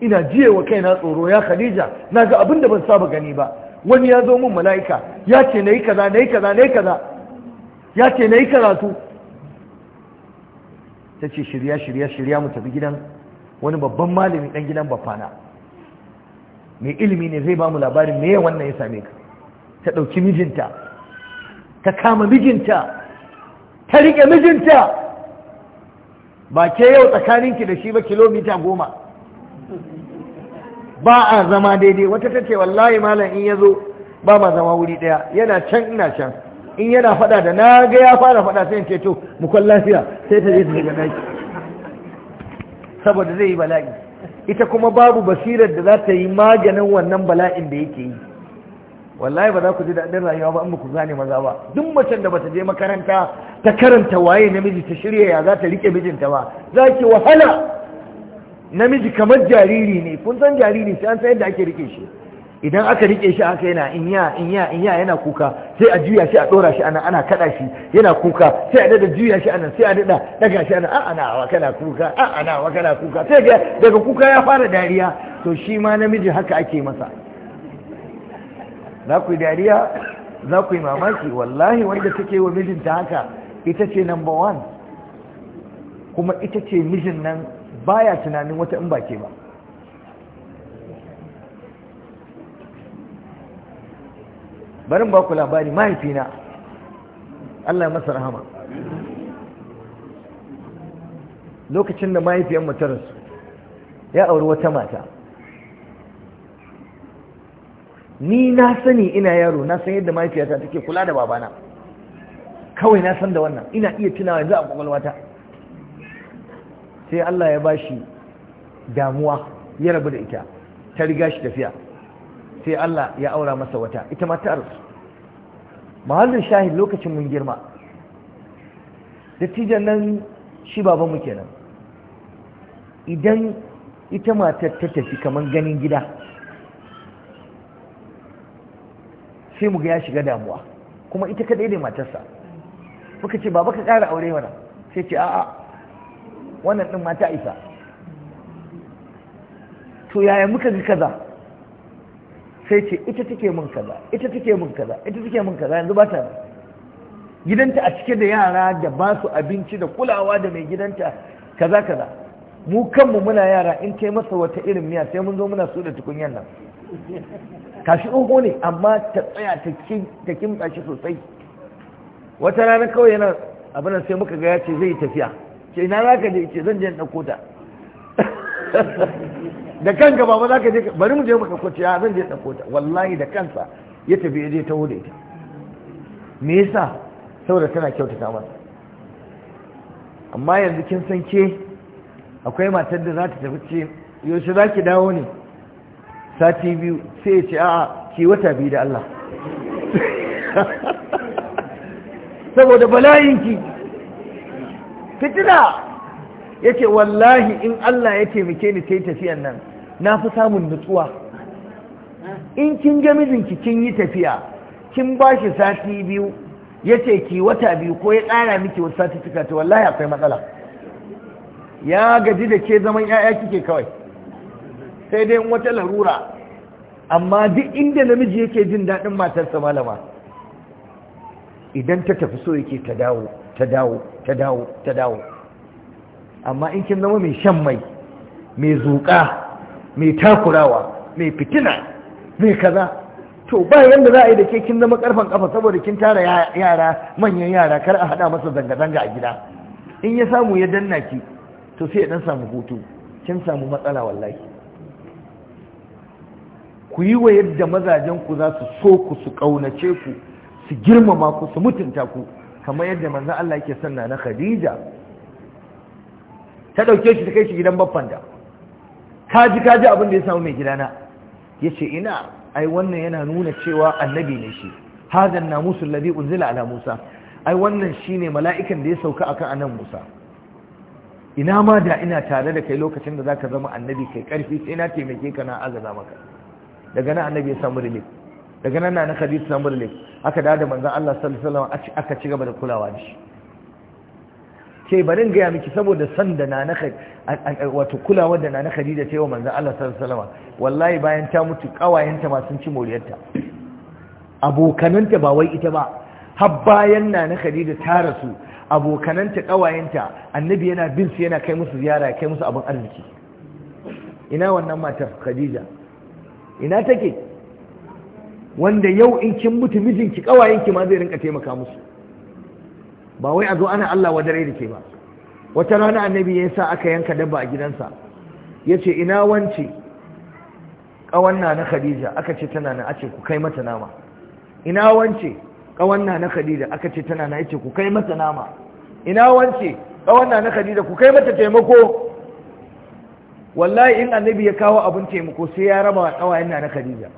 ina jiye wa kaina tsoro ya khadija naga abinda ban saba gani ba wani ya zo min mala'ika ya ce nayi kaza nayi kaza nayi kaza ya ce nayi karatu tace shirya shirya shirya mu tafi gidan wani babban malami dan gidan bafana mai ilimi ne zai ba mu labarin me wannan ya same ka ta ɗauki mijinta ta kama mijinta ta rike mijinta ba ke yau ki da shi ba kilomita goma ba a zama daidai wata ta ce wallahi malam in ya zo ba ma zama wuri daya yana can ina can in yana faɗa da na ga ya fara faɗa sai ce to mu kwallafiya lafiya sai ta je ta daga saboda zai yi bala'i ita kuma babu basirar da za ta yi maganin wannan bala'in da yake yi wallahi ba za ku ji daɗin rayuwa ba in ba ku gane maza ba duk macen da bata je makaranta ta karanta waye namiji ta shirya ya za ta rike mijinta ba za ki wahala namiji kamar jariri ne kun san jariri sai an san yadda ake rike shi idan aka rike shi aka yana in ya in ya yana kuka sai a juya shi a dora shi ana ana kada shi yana kuka sai a dada juya shi ana sai a dada daga shi ana a'a ana wa kana kuka a ana wa kana kuka sai ga daga kuka ya fara dariya to shi ma namiji haka ake masa za ku yi dariya za ku yi mamaki wallahi wanda take wa mijinta haka ita ce number one kuma ita ce mijin nan baya tunanin wata in ba ke ba barin ba ku labari mahaifina Allah masa rahama lokacin da mahaifiyar matarsu ya auri wata mata ni na sani ina yaro na san yadda mahaifiyata take kula da babana kawai na san da wannan ina iya tunawa yanzu a kwakwalwata sai Allah ya bashi damuwa ya rabu da ita ta riga shi tafiya sai Allah ya aura masa wata ita ma mahallin shahid lokacin mun girma dattijan nan shi babanmu kenan idan ita matar ta tafi kamar ganin gida sai mu ga ya shiga damuwa kuma ita kadai ne matarsa muka ce baba ka ƙara aure mana sai ce a'a wannan din mata isa to yaya muka ga kaza sai ce ita take mun kaza ita take mun kaza ita take mun kaza yanzu ba ta gidanta a cike da yara da ba su abinci da kulawa da mai gidanta kaza kaza mu kanmu muna yara in kai masa wata irin miya sai mun zo muna su da tukunyan nan kashi oho ne amma ta tsaya ta kimta shi sosai wata rana kawai yana abin sai muka ga ya ce zai tafiya ce na za ka je ce zan je ɗauko ta da kanka ba za ka je bari mu je maka kwaciya zan je ɗauko ta wallahi da kansa ya tafi ya je ta da ita me yasa saboda tana kyautata masa amma yanzu kin san ke akwai matar da za ta tafi ce yaushe za ki dawo ne sati biyu sai ya ce a'a ki wata biyu da Allah saboda bala'inki fitina yace wallahi in Allah ya taimake ni sai tafiyan nan na fi samun nutsuwa in kin ga mijinki kin yi tafiya kin ba shi sati biyu ya ce ki wata biyu ko ya ƙara miki wasu sati cika to wallahi akwai matsala ya gaji da ke zaman 'ya'ya kike kawai sai dai in wata larura amma duk inda namiji yake jin daɗin matarsa malama idan ta tafi so yake ta dawo ta dawo ta dawo ta dawo amma in kin zama mai shan mai mai zuƙa mai takurawa mai fitina mai kaza to ba yanda za a yi da ke kin zama karfan kafa saboda kin tara yara manyan yara kar a haɗa masa zanga-zanga a gida in ya samu ya danna ki to sai ya dan samu hutu kin samu matsala wallahi ku yi wa yadda mazajen ku za su so ku su kaunace ku su girmama ku su mutunta ku kamar yadda manzo Allah yake sanna na Khadija ta ɗauke shi ta kai shi gidan baffanta ka ji abin da ya samu mai gidana ya ce ina ai wannan yana nuna cewa annabi ne shi hadan na musu ladi unzila ala musa ai wannan shi ne mala'ikan da ya sauka a kan anan musa ina ma da ina tare da kai lokacin da zaka zama annabi kai karfi sai na taimake ka na agaza maka daga nan annabi ya samu rilif. daga nan na na khadija samu rilif. aka da da manzon Allah sallallahu alaihi wasallam aka ci gaba da kulawa da shi ce barin gaya miki saboda san da na wato kulawar da na na khadija ce wa manzan Allah sallallahu alaihi wasallam wallahi bayan ta mutu kawayenta ma sun ci moriyarta abokananta ba wai ita ba har bayan na na khadija ta rasu abokananta kawayenta annabi yana bin su yana kai musu ziyara kai musu abin arziki ina wannan matar khadija ina take wanda yau in kin mutu mijinki kawayenki ma zai rinka taimaka musu ba wai a zo ana Allah wa dare da ke ba wata rana annabi ya sa aka yanka dabba a gidansa ya ce ina wance ƙawanna na khadija aka ce tana na ake ku kai mata nama ina wance ƙawanna na khadija aka ce tana na ake ku kai mata nama ina wance ƙawanna na khadija ku kai mata taimako wallahi in annabi ya kawo abin taimako sai ya raba wa ƙawayen na khadija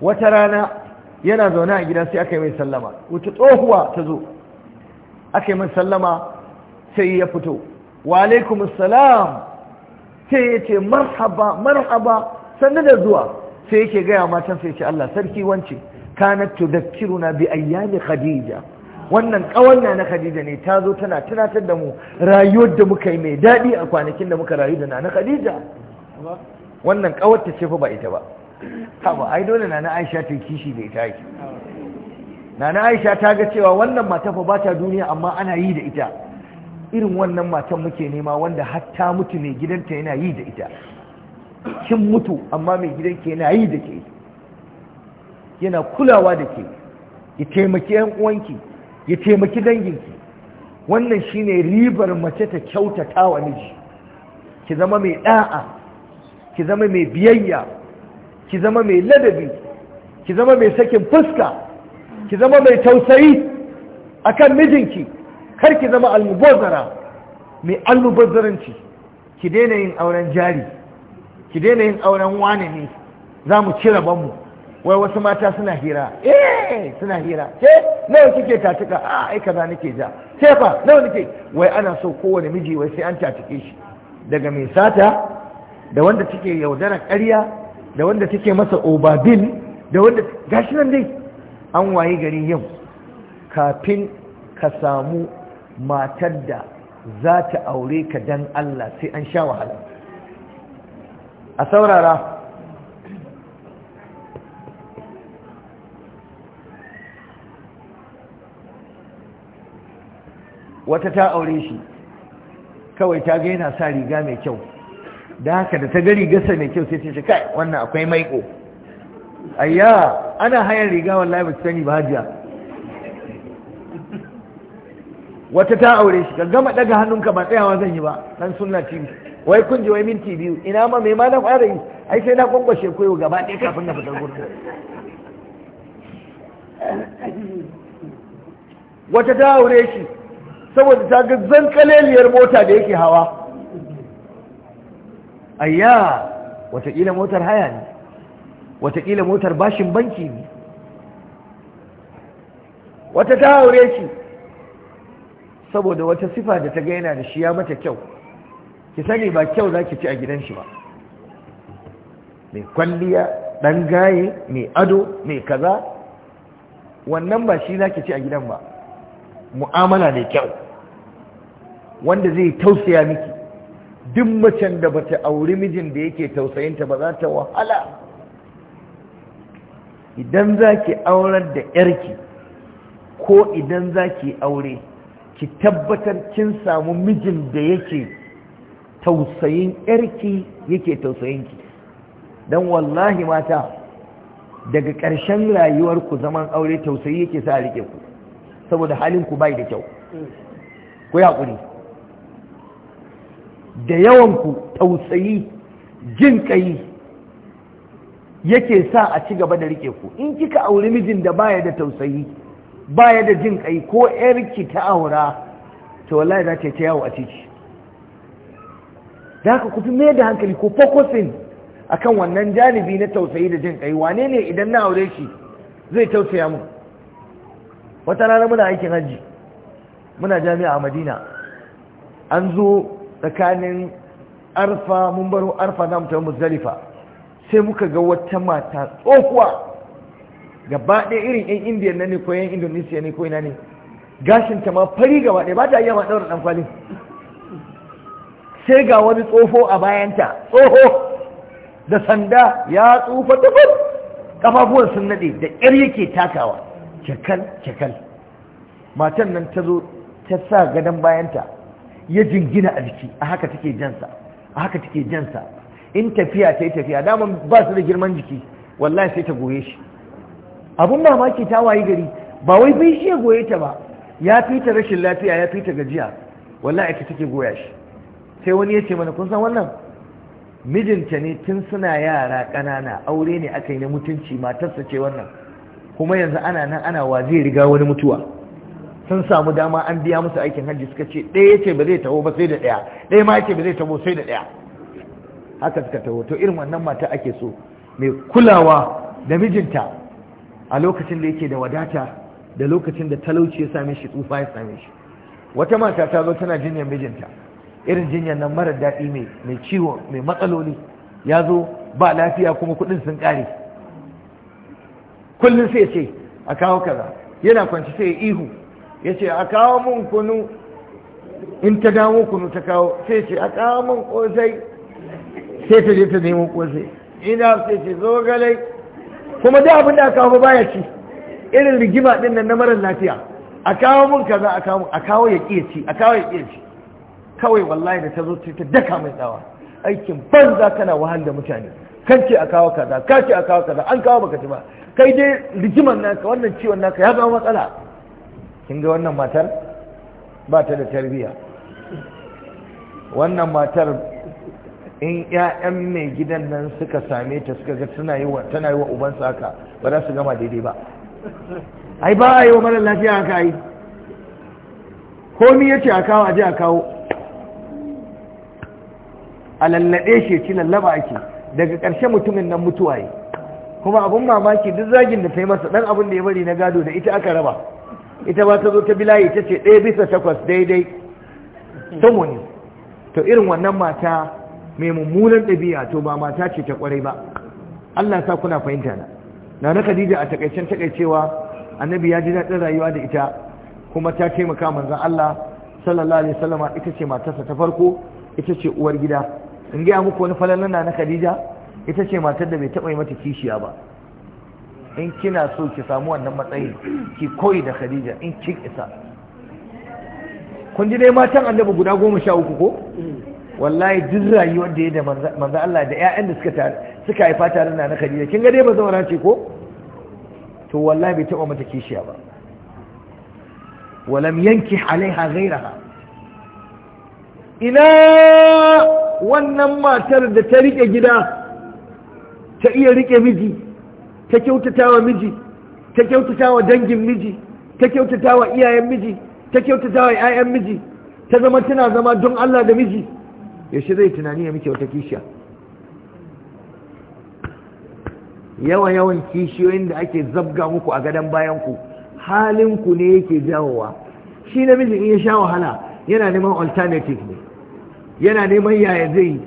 wata rana yana zaune a gida sai aka yi mai sallama wata tsohuwa ta zo aka min sallama sai ya fito wa alaikum salam sai ya ce marhaba marhaba sannan da zuwa sai yake gaya matan sai ce Allah sarki wance kana tudakkiruna bi ayyami khadija wannan kawanna na khadija ne tazo tana tunatar da mu rayuwar da muka yi mai daɗi a kwanakin da muka rayu da na khadija wannan ta ce fa ba ita ba haba ai dole na aisha ta kishi da ita ake nana aisha ta ga cewa wannan mata fa ba ta duniya amma ana yi da ita irin wannan matan muke nema wanda hatta mutu mai gidanta yana yi da ita kin mutu amma mai gidanke yana yi da ke yana kulawa da ke ya taimaki yan uwanki ya taimaki danginki wannan shine ribar mace ta kyautata wa miji ki zama mai da'a ki zama mai biyayya ki zama mai ladabi ki zama mai sakin fuska ki zama mai tausayi akan mijinki kar ki zama almubazzara mai almubazzaranci ki daina yin auren jari ki daina yin auren wane ne za mu ci mu wai wasu mata suna hira eh suna hira ce nawa kike tatuka a ah, ai kaza nake ja ce fa nawa nake wai ana so kowane miji wai sai an tatuke shi daga mai sata da wanda take yaudara ƙarya da wanda take masa obabil da wanda gashi nan dai an wayi gari yau kafin ka samu matar da za ta aure ka dan Allah sai an sha wahala a saurara wata ta aure shi kawai ta ga yana sa riga mai kyau da haka da ta ga rigarsa mai kyau sai ta ce kai wannan akwai maiko ayya ana hayar riga wallahi ba sani ba hajiya wata ta aure shi ka gama daga hannunka ba tsayawa zan yi ba dan sunna tv wai kun ji wai minti biyu ina ma mai ma na fara yi ai sai na kwankwashe koyo gaba ɗaya kafin na fitar gurin wata ta aure shi saboda ta ga zan kaleliyar mota da yake hawa ayya wataƙila motar haya ne watakila motar bashin banki ne wata ta haure shi saboda wata sifa da ta ga yana da shi ya mata kyau ki sani ba kyau za ki ci a gidan shi ba mai kwalliya ɗan gaye mai ado mai kaza wannan ba shi za ki ci a gidan ba mu'amala mai kyau wanda zai tausaya miki duk macen da bata auri mijin da yake tausayinta ba za ta wahala idan za ki aurar da yarki ko idan za ki aure ki tabbatar kin samu mijin da yake tausayin yarki yake ki. don wallahi mata daga ƙarshen rayuwarku zaman aure tausayi yake sa rike ku saboda halinku bai da kyau ku ya haƙuri da yawanku tausayi jin ƙayi yake sa a ci gaba da rike ku in kika auri mijin da baya da tausayi baya da jin kai ko yarki ta aura to wallahi za ta ta yawo a ciki da haka ku fi mai da hankali ko focusing akan wannan janibi na tausayi da jin kai wane ne idan na aure shi zai tausaya mu wata rana muna aikin hajji muna jami'a a madina an zo tsakanin arfa mun baro arfa ta mutum muzdalifa sai muka ga wata mata tsohuwa gaba ɗaya irin 'yan indiya na ne ko 'yan indonesiya ne ko ina ne gashinta ma fari gaba ɗaya ba ta iya ma ɗaura ɗan kwalin sai ga wani tsoho a bayanta tsoho da sanda ya tsufa dubur kafafuwan sun naɗe da ƙyar yake takawa cakal cakal matan nan ta zo ta sa gadon bayanta ya jingina a jiki a haka take jansa a haka take jansa in tafiya ta yi tafiya Dama ba su da girman jiki wallahi sai ta goye shi abun mamaki ta wayi gari ba wai bai shi ya goye ta ba ya fi ta rashin lafiya ya fi ta gajiya wallahi ita take goya shi sai wani ya ce mana kun san wannan mijinta ne tun suna yara ƙanana aure ne aka yi na mutunci matarsa ce wannan kuma yanzu ana nan ana wa zai riga wani mutuwa sun samu dama an biya musu aikin hajji suka ce ɗaya ya ce ba zai taho ba sai da ɗaya ɗaya ma ya ce ba zai taho sai da ɗaya haka suka taho irin wannan mata ake so mai kulawa da mijinta a lokacin da yake da wadata da lokacin da talauci ya same shi tsufa ya same shi wata mata ta zo tana jinyar mijinta irin jinyar nan marar daɗi mai ciwo mai matsaloli ya zo ba lafiya kuma kuɗin sun ƙare kullum sai ce a kawo kaza yana kwanci sai ya ihu ya ce a kawo mun kunu in ta dawo kunu ta kawo sai ce a kawo mun ƙosai sai ta je ta nemo kosai ina sai ce zo galai kuma duk abin da aka kawo baya ci irin rigima din nan na marar lafiya a kawo mun kaza a kawo a kawo ya kiye ci a kawo ya kiye ci kawai wallahi da ta zo ce ta daka mai tsawa aikin banza kana wahal da mutane kan ce a kawo kaza ka ce a kawo kaza an kawo baka ci ba kai dai rigiman naka wannan ciwon naka ya zama matsala kin ga wannan matar ba ta da tarbiyya wannan matar in 'ya'yan mai gidan nan suka same ta suka ga tana yi wa tana yi wa haka ba za su gama daidai ba ai ba a yi lafiya haka ai ni yace a kawo aje a kawo a lallaɓe shi ci lallaba ake daga ƙarshe mutumin nan mutuwa yi kuma abun mamaki duk zagin da ta yi masa ɗan abin da ya bari na gado da ita aka raba ita ba ta zo ta bilayi ta ce ɗaya bisa takwas daidai samu to irin wannan mata mai mummunan ɗabi'a to ba mata ce ta kwarai ba Allah sa kuna fahimta na na na Khadija a takaicen takaicewa annabi ya ji daɗin rayuwa da ita kuma ta taimaka manzon Allah sallallahu alaihi wasallam ita ce matarsa ta farko ita ce uwar gida in ga muku wani falalan na na Khadija ita ce matar da bai taɓa yi mata kishiya ba in kina so ki samu wannan matsayi ki koyi da Khadija in kin isa kun ji dai matan annabi guda goma sha uku ko wallahi duk rayuwar da ya da manzo Allah da ƴaƴan da suka suka haifa tare na na Khadija kin ga dai ba zaura ce ko to wallahi bai taba mata kishiya ba walam yanki alaiha ghairaha ina wannan matar da ta rike gida ta iya rike miji ta kyautatawa miji ta kyautatawa dangin miji ta kyautatawa iyayen miji ta kyautatawa ƴaƴan miji ta zama tana zama don Allah da miji yaushe zai tunani ya miki wata kishiya yawan yawan kishiyoyin da ake zabga muku a gadon bayanku halinku ne yake jawowa shi mijin in ya sha wahala yana neman alternative ne yana neman yaya zai yi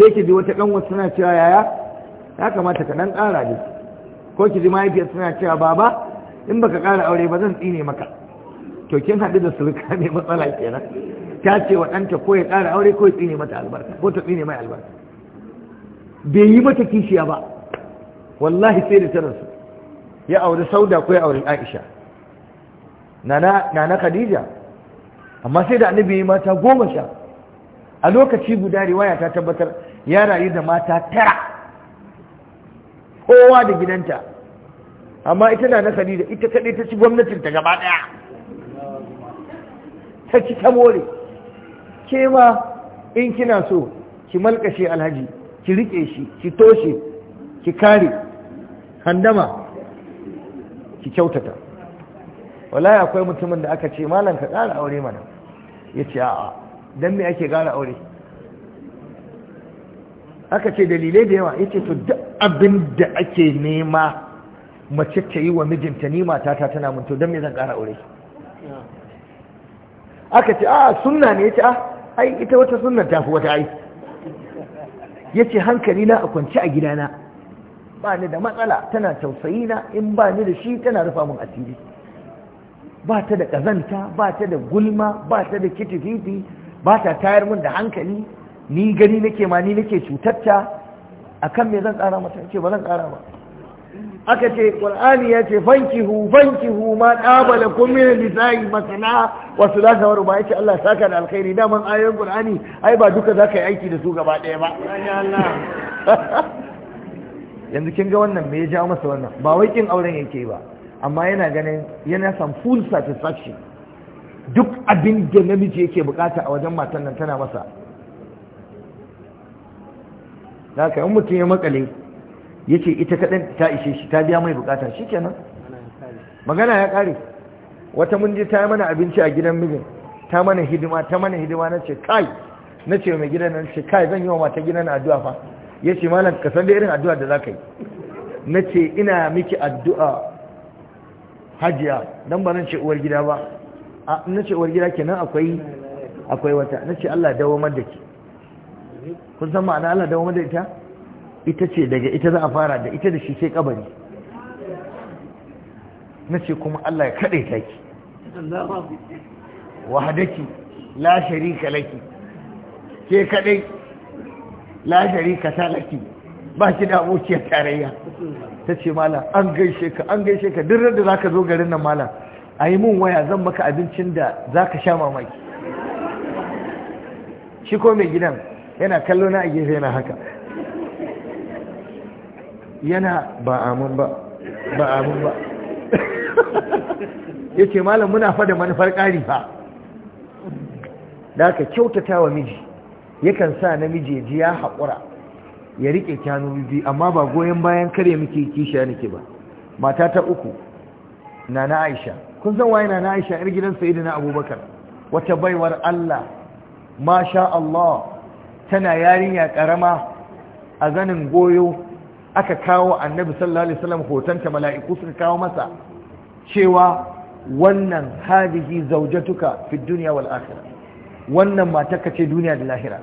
sai ki ji wata kanwa suna cewa yaya ya kamata ka dan ƙara ne ko ki ji mahaifiyar suna cewa baba in baka ƙara aure ba zan tsine maka to kin haɗu da suruka ne matsala kenan ta ce wa ɗanta ko ya ƙara aure ko ya tsine mata albarka ko ta tsine mai albarka bai yi mata kishiya ba wallahi sai da ta ya aure sauda ko ya aure aisha nana khadija amma sai da annabi yi mata goma sha a lokaci guda riwaya ta tabbatar ya rayu da mata tara kowa da gidanta amma ita na na khadija ita kaɗai ta ci gwamnatin ta gaba ɗaya ta ci ta more ke ma in kina so ki malkashe alhaji ki rike shi ki toshe ki kare handama ki kyautata wallahi akwai mutumin da aka ce malam ka kara aure mana ya a'a don me ake kara aure aka ce dalilai da yawa yace to duk abin da ake nema mace ta yi wa mijinta ni matata tana mun to don me zan kara aure aka ce a ah, sunna ne ya ce a ah, ai ita wata sunna ta fi wata ai ya ce hankali na a kwanci a gidana ba ni da matsala tana tausayi na in ba ni da shi tana rufa mun asiri ba ta da ƙazanta ba ta da gulma ba ta da kitififi ba ta tayar mun da hankali ni gani nake ma ni nake ta akan me zan tsara mata ce ba zan tsara ba aka ce qur'ani ya ce fankihu fankihu ma qabala kum min nisa'i za ka waru ba ya ce Allah saka da alkhairi daman ayoyin qur'ani ai ba duka za ka yi aiki da su gaba ɗaya ba yanzu kin ga wannan me ya ja masa wannan ba wai kin auren yake ba amma yana ganin yana san full satisfaction duk abin da namiji yake bukata a wajen matan nan tana masa da haka mutum ya makale yace ita kaɗan ta ishe shi ta biya mai bukata shikenan magana ya ƙare wata mun ji ta yi mana abinci a gidan mijin ta mana hidima ta mana hidima na ce kai na ce mai gidan nan ce kai zan yi wa mata gidan addu'a fa ya ce malam ka san da irin addu'a da za ka yi na ce ina miki addu'a hajiya don ba nan ce uwar gida ba na ce uwar gida kenan akwai akwai wata na ce Allah dawo da kun san ma'ana Allah dawo da ita ita ce daga ita za a fara da ita da shi sai kabari na ce kuma Allah ya kaɗe ta ki wahadaki la sharika laki ke kaɗe la sharika ta laki ba ki da abokiyar tarayya ta ce mala an gaishe ka an gaishe ka duk da za ka zo garin nan mala a yi mun waya zan maka abincin da za ka sha mamaki shi ko mai gidan yana kallo na a gefe yana haka yana ba ba ba ba ya malam muna fada manufar ƙari fa da aka kyautata wa miji yakan sa namiji ji ya haƙura ya riƙe kyanu biyu amma ba goyon bayan kare muke kisha nake ba mata ta uku na na aisha kun san waye na na aisha yar gidan Saidu na abubakar wata baiwar allah masha allah tana yarinya ƙarama a zanin goyo aka kawo annabi sallallahu alaihi wasallam hotonta mala'iku suka kawo masa cewa wannan hadihi zaujatuka fi dunya wal akhirah wannan matarka ce duniya da lahira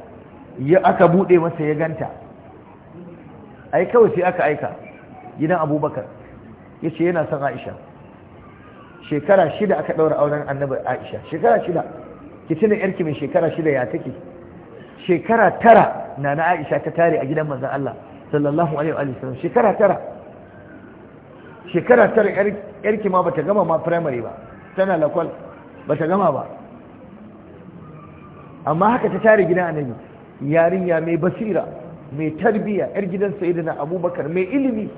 ya aka bude masa ya ganta ai kawai sai aka aika gidan abubakar yace yana son aisha shekara shida aka daura auren annabi aisha shekara shida ki tuna yarki mai shekara shida ya take shekara tara na na aisha ta tare a gidan manzon Allah sallallahu alaihi wa sallam shekara tara shekara tara yarki ma bata gama ma primary ba tana lakwal bata gama ba amma haka ta tare gidan annabi yarinya mai basira mai tarbiya yar gidan sayyidina abubakar mai ilimi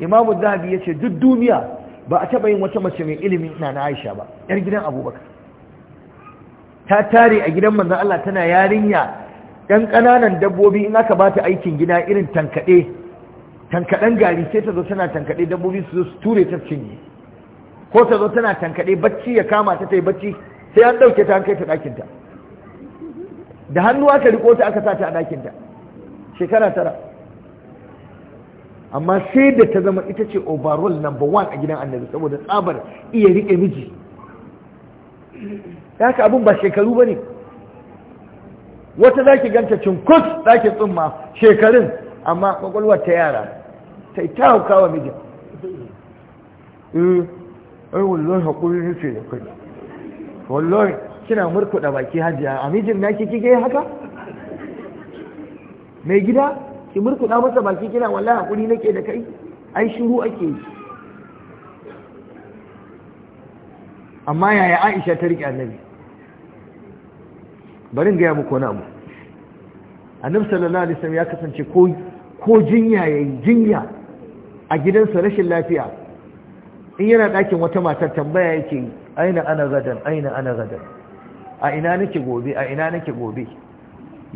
imamu zahabi ya ce duk duniya ba a taba yin wata mace mai ilimi na na aisha ba yar gidan abubakar ta tare a gidan manzan allah tana yarinya ɗan ƙananan dabbobi in aka ba ta aikin gina irin tankaɗe tankaɗen gari sai ta zo tana tankaɗe dabbobi su zo su ture ta cinye ko ta zo tana tankaɗe bacci ya kama ta ta yi bacci sai an ɗauke ta an kai ta ɗakinta da hannu aka riko ta aka sa ta a ɗakinta shekara tara amma sai da ta zama ita ce overall number one a gidan annabi saboda tsabar iya riƙe miji haka abin ba shekaru ba ne wata za ki ganta cinkus za ki tsumma shekarun amma kwakwalwar ta yara ta yi ta hauka wa mijin eh wallon haƙuri nufi da kai Wallon? kina murkuɗa baki hajiya a mijin na kiki gai haka mai gida ki murkuɗa masa baki kina wallahi haƙuri nake da kai ai shiru ake yi amma yaya aisha ta riƙe annabi bari gaya muku wani abu annabi sallallahu alaihi wasallam ya kasance ko ko jinya yayi jinya a gidansa rashin lafiya in yana ɗakin wata matar tambaya yake aina ana gadan aina ana gadan a ina nake gobe a ina nake gobe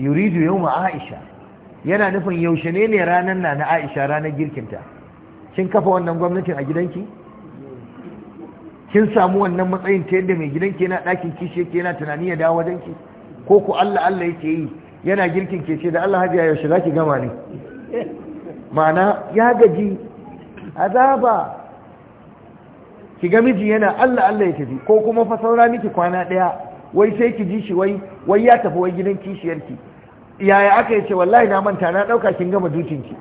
yuridu yawma aisha yana nufin yaushe ne ne ranar na na aisha ranar girkinta kin kafa wannan gwamnatin a gidanki kin samu wannan matsayin ta yadda mai gidanki yana ɗakin kishi yake yana tunani ya dawo wajenki ki ko ku Allah Allah yake yi yana girkin ke ce da Allah hajiya yaushe za ki gama ne Ma'ana ya gaji azaba ki ga miji yana Allah Allah ya tafi ko kuma fa saura miki kwana ɗaya wai sai ki ji shi wai wai ya tafi wai gidan kishiyarki yaya aka yi ce wallahi na manta na ɗauka kin gama dukinki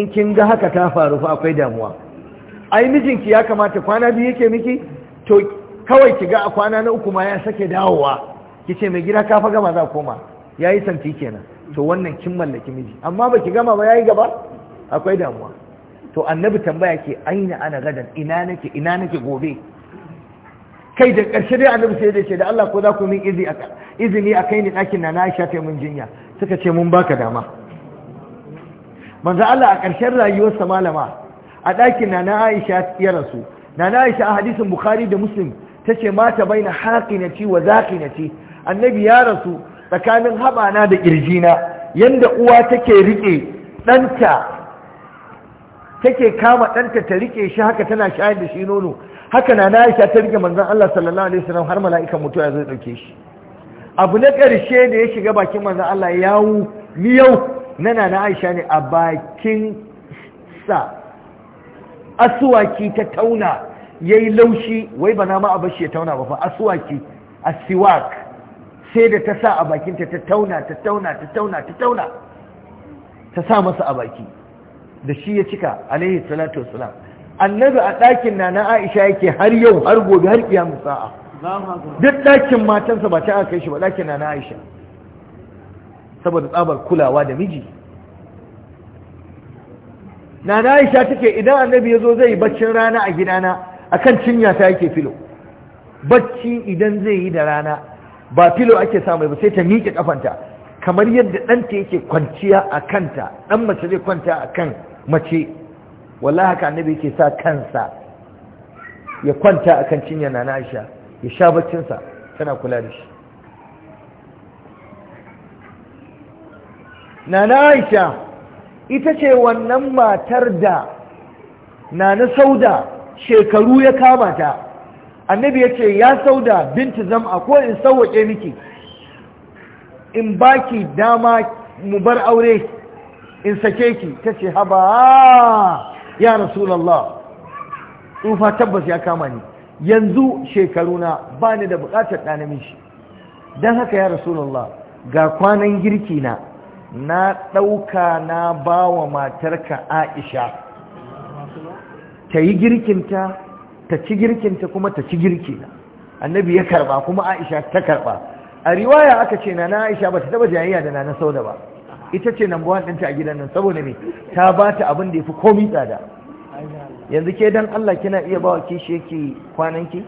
in kin ga haka ta faru fa akwai damuwa ai mijinki ya kamata kwana biyu yake miki to kawai ki ga a kwana na uku ma ya sake dawowa ki ce mai gida ka fa gama za koma ya yi santi kenan to wannan kin mallaki miji amma ba ki gama ba ya yi gaba akwai damuwa to annabi tambaya ke aina ana gadan ina nake ina nake gobe kai da ƙarshe dai annabi sai da ce da Allah ko za ku min izini a kai ni ɗakin na na Aisha ta mun jinya suka ce mun baka dama manzo Allah a ƙarshen rayuwarsa malama a ɗakin na na Aisha ya rasu na na Aisha a hadisin Bukhari da Muslim Ta ce mata bai na haƙinaci wa zaƙinaci annabi ya rasu tsakanin haɓana da ƙirjina yadda uwa take riƙe ɗanta take kama ɗanta ta riƙe shi haka tana shayar da shi nono haka na na ta riƙe manzan Allah sallallahu alaihi wasallam har mala'ikan mutuwa zai ɗauke shi abu na ƙarshe da ya shiga bakin manzan Allah yawu miyau na na Aisha ne a bakin sa asuwaki ta tauna yayi laushi wai bana ma a ya tauna ba fa a siwak sai da ta sa a bakinta ta tauna ta tauna ta tauna ta tauna ta sa masa a baki da shi ya cika alaihi salatu wassalam annabi a ɗakin na na Aisha yake har yau har gobe har kiyamu sa'a duk ɗakin matansa ba ta aka shi ba ɗakin na na Aisha saboda tsabar kulawa da miji na na Aisha take idan annabi ya zo zai baccin rana a gidana akan cinya ta yake filo bacci idan zai yi da rana ba filo ake samu ba sai ta miƙe kafanta kamar yadda ɗanta yake kwanciya a kanta ɗan mace zai kwanta a kan mace wallahi haka annabi yake sa kansa ya kwanta a kan cinya na Aisha ya sha baccinsa tana kula da shi nana Aisha ita ce wannan matar da na Sauda shekaru ya kama ta annabi ya ce ya sauda binti zam'a ko in sauwaƙe miki in baki dama mu bar aure in sake ki ta ce haba ya rasulallah tsufa tabbas ya kama ni yanzu shekaruna ba ni da buƙatar ɗana mishi don haka ya rasulallah ga kwanan girki na na ɗauka na ba wa matarka aisha ta yi girkinta ta ci girkinta kuma ta ci na annabi ya karba kuma aisha ta karba a riwaya aka ce na aisha ba ta taba jayayya da na sauda ba ita ce nan buwan ɗinta a gidan nan saboda me ta ba ta abin da ya fi komi tsada yanzu ke dan Allah kina iya ba wa kishi yake kwananki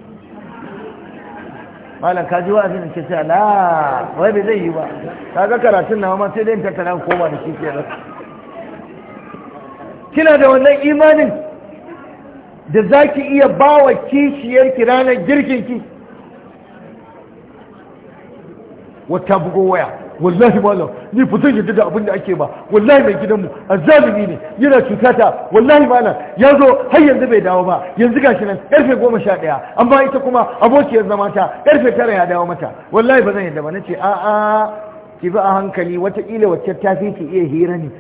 malam ka ji wa'azin ke ce la wai bai zai yi ba ka ga karatun nawa ma sai dai ta karan koma da kishi kina da wannan imanin da za ki iya ba wa kishiyarki ranar girkinki wata bugo waya wallahi malam ni zan yadda da abin da ake ba wallahi mai gidanmu A azzalimi ne yana cutata wallahi malam ya zo har yanzu bai dawo ba yanzu gashi nan karfe goma sha ɗaya ba ita kuma abokiyar zama ta karfe tara ya dawo mata wallahi ba zan yadda ba na ce a'a ki bi a hankali wataƙila wacce ta fi ki iya hira ne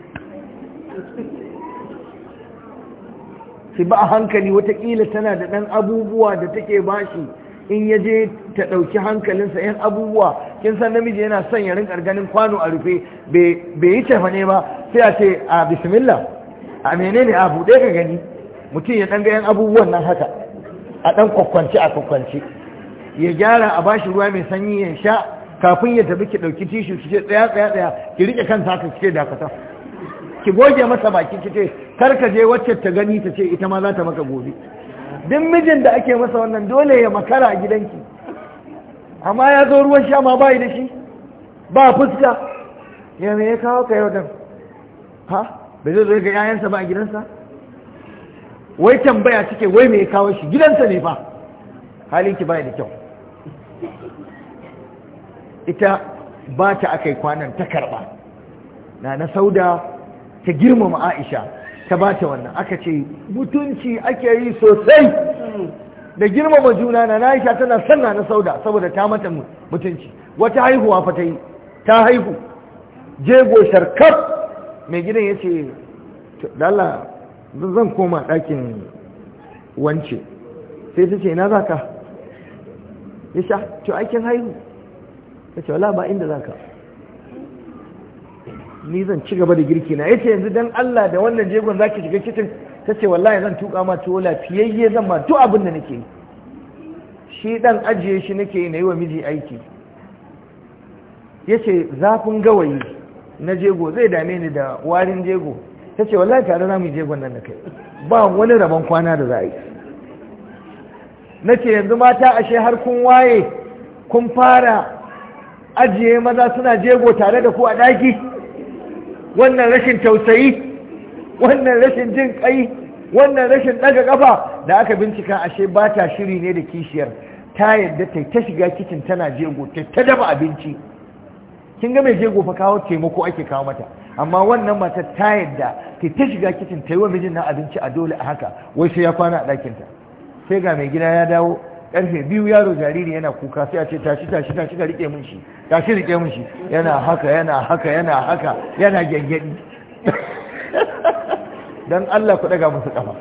su ba a hankali watakila tana da ɗan abubuwa da take bashi in ya je ta ɗauki hankalinsa yan abubuwa kin san namiji yana son ya ƙarganin ganin kwano a rufe bai yi ne ba sai a ce a bismillah a menene a buɗe ka gani mutum ya ɗanga yan abubuwan nan haka a ɗan kwakwance a kwakwance ya gyara a bashi ruwa mai sanyi ya sha kafin ya tafi ki ɗauki tishu ki ce tsaya tsaya tsaya ki riƙe kansa haka ki ce dakata ki goge masa baki ki ce kar ka je wacce ta gani ta ce ita ma za ta maka gobe duk mijin da ake masa wannan dole ya makara a gidanki amma ya zo ruwan sha ma bai da shi ba fuska ya me ya kawo ka yau dan ha bai zai zo ga yayansa ba a gidansa wai tambaya cike wai me ya kawo shi gidansa ne fa halin ki bai da kyau ita ba ta akai kwanan ta karba na na sauda ta girmama aisha ta ba ta wannan aka ce mutunci ake yi sosai da girmama juna na Aisha tana sanna na sauda saboda ta mata mutunci wata haihuwa fa ta yi ta haihu jego sharkar mai gidan ya ce dala zan koma ɗakin wance sai ta ce ina za ka ya sha to aikin haihu ta ce wala ba inda za ka ni zan ci gaba da girki na yace yanzu dan Allah da wannan jegon zaki shiga kitchen tace wallahi zan tuka ma tuwo lafiyayye zan ma duk abin da nake yi shi dan ajiye shi nake yi na wa miji aiki yace zafin gawayi na jego zai dame ni da warin jego tace wallahi tare za mu jegon nan da kai ba wani rabon kwana da za a yi nace yanzu mata ashe har kun waye kun fara ajiye maza suna jego tare da ku a daki wannan rashin tausayi wannan rashin jin kai wannan rashin daga kafa da aka bincika ashe ba ta shiri ne da kishiyar ta yadda ta ta shiga kicin tana jego ta ta dafa abinci kin ga mai jego fa kawo taimako ake kawo mata amma wannan matar ta yadda ta ta shiga kicin ta yi wa mijin nan abinci a dole a haka wai sai ya kwana a ɗakinta sai ga mai gida ya dawo karfe biyu yaro jariri yana kuka sai a ce tashi tashi tashi ka rike mun shi tashi rike mun shi yana haka yana haka yana haka yana gyangyadi don Allah ku daga musu kafa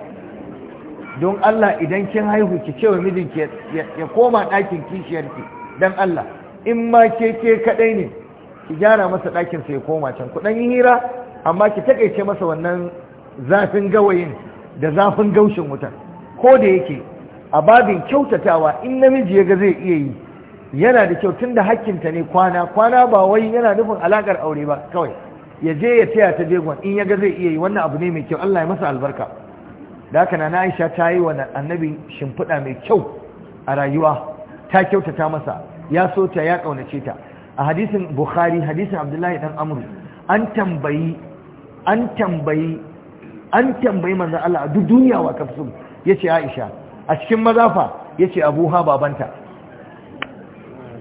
don Allah idan kin haihu ki cewa mijinki ya koma ɗakin ki, don Allah in ma ke ke kaɗai ne ki gyara masa ɗakin sai ya koma can ku ɗan yi hira amma ki takaice masa wannan zafin gawayin da zafin gaushin wutan ko da yake a babin kyautatawa in namiji ya ga zai iya yi yana da kyau tun da hakkinta ne kwana kwana ba wai yana nufin alakar aure ba kawai ya je ya taya ta jegon in ya ga zai iya yi wannan abu ne mai kyau Allah ya masa albarka da haka na Aisha ta yi wa annabi shimfiɗa mai kyau a rayuwa ta kyautata masa ya so ta ya kaunace ta a hadisin Bukhari hadisin Abdullahi dan Amru, an tambayi an tambayi an tambayi manzo Allah duk duniya wa kafsu yace Aisha a cikin mazafa ya ce abu ha babanta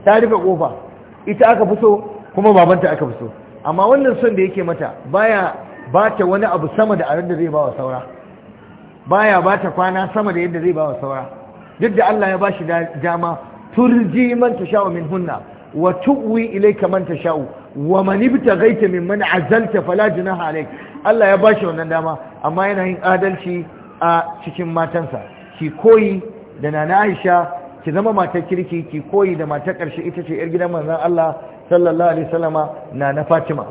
ta rufe kofa ita aka fi kuma babanta aka fi amma wannan son da yake mata baya ba ta wani abu sama da abin da zai ba wa saura baya ba ta kwana sama da yadda zai ba wa saura duk da Allah ya ba shi dama turji man sha'u min hunna wa tuwi ilayka man sha'u, wa man min mimman azalta fala junaha alayk Allah ya ba shi wannan dama amma yana yin adalci a cikin matansa ki koyi da nana Aisha ki zama matar kirki ki koyi da matar karshe ita ce yar gidan manzon Allah sallallahu alaihi wasallama na Fatima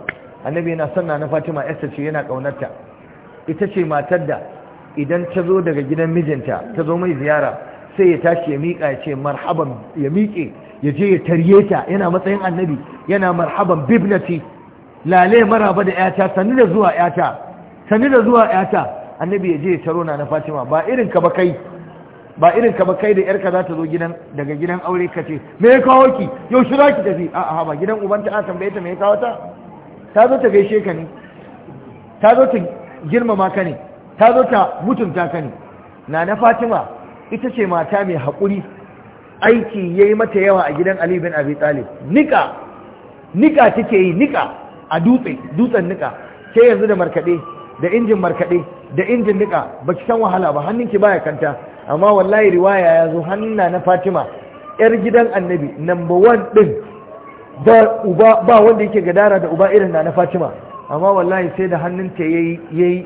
annabi yana son na Fatima yarsa ce yana kaunarta ita ce matar da idan ta zo daga gidan mijinta ta zo mai ziyara sai ya tashi ya miƙa ya ce marhaban ya miƙe ya je ya tarye ta yana matsayin annabi yana marhaban bibnati lale maraba da yata sannu da zuwa yata sannu da zuwa yata annabi ya je ya taro na na fatima ba irin ka ba kai ba irin ka ba kai da yarka za ta zo gidan daga gidan aure ka ce me ya kawo ki yau shi za ki tafi a'a ba gidan ubanta an tambaye ta me ya kawo ta ta zo ta gaishe ka ne ta zo ta girmama ka ne ta zo ta mutunta ka ne na na fatima ita ce mata mai haƙuri aiki ya yi mata yawa a gidan ali bin abi talib nika nika take yi nika a dutse dutsen nika ke yanzu da markaɗe da injin markaɗe da injin nika ba ki san wahala ba Hannun ki baya kanta amma wallahi riwaya ya zo hannuna na fatima yar gidan annabi number one din ba wanda yake gadara da uba irin na na fatima amma wallahi sai da hannunta ya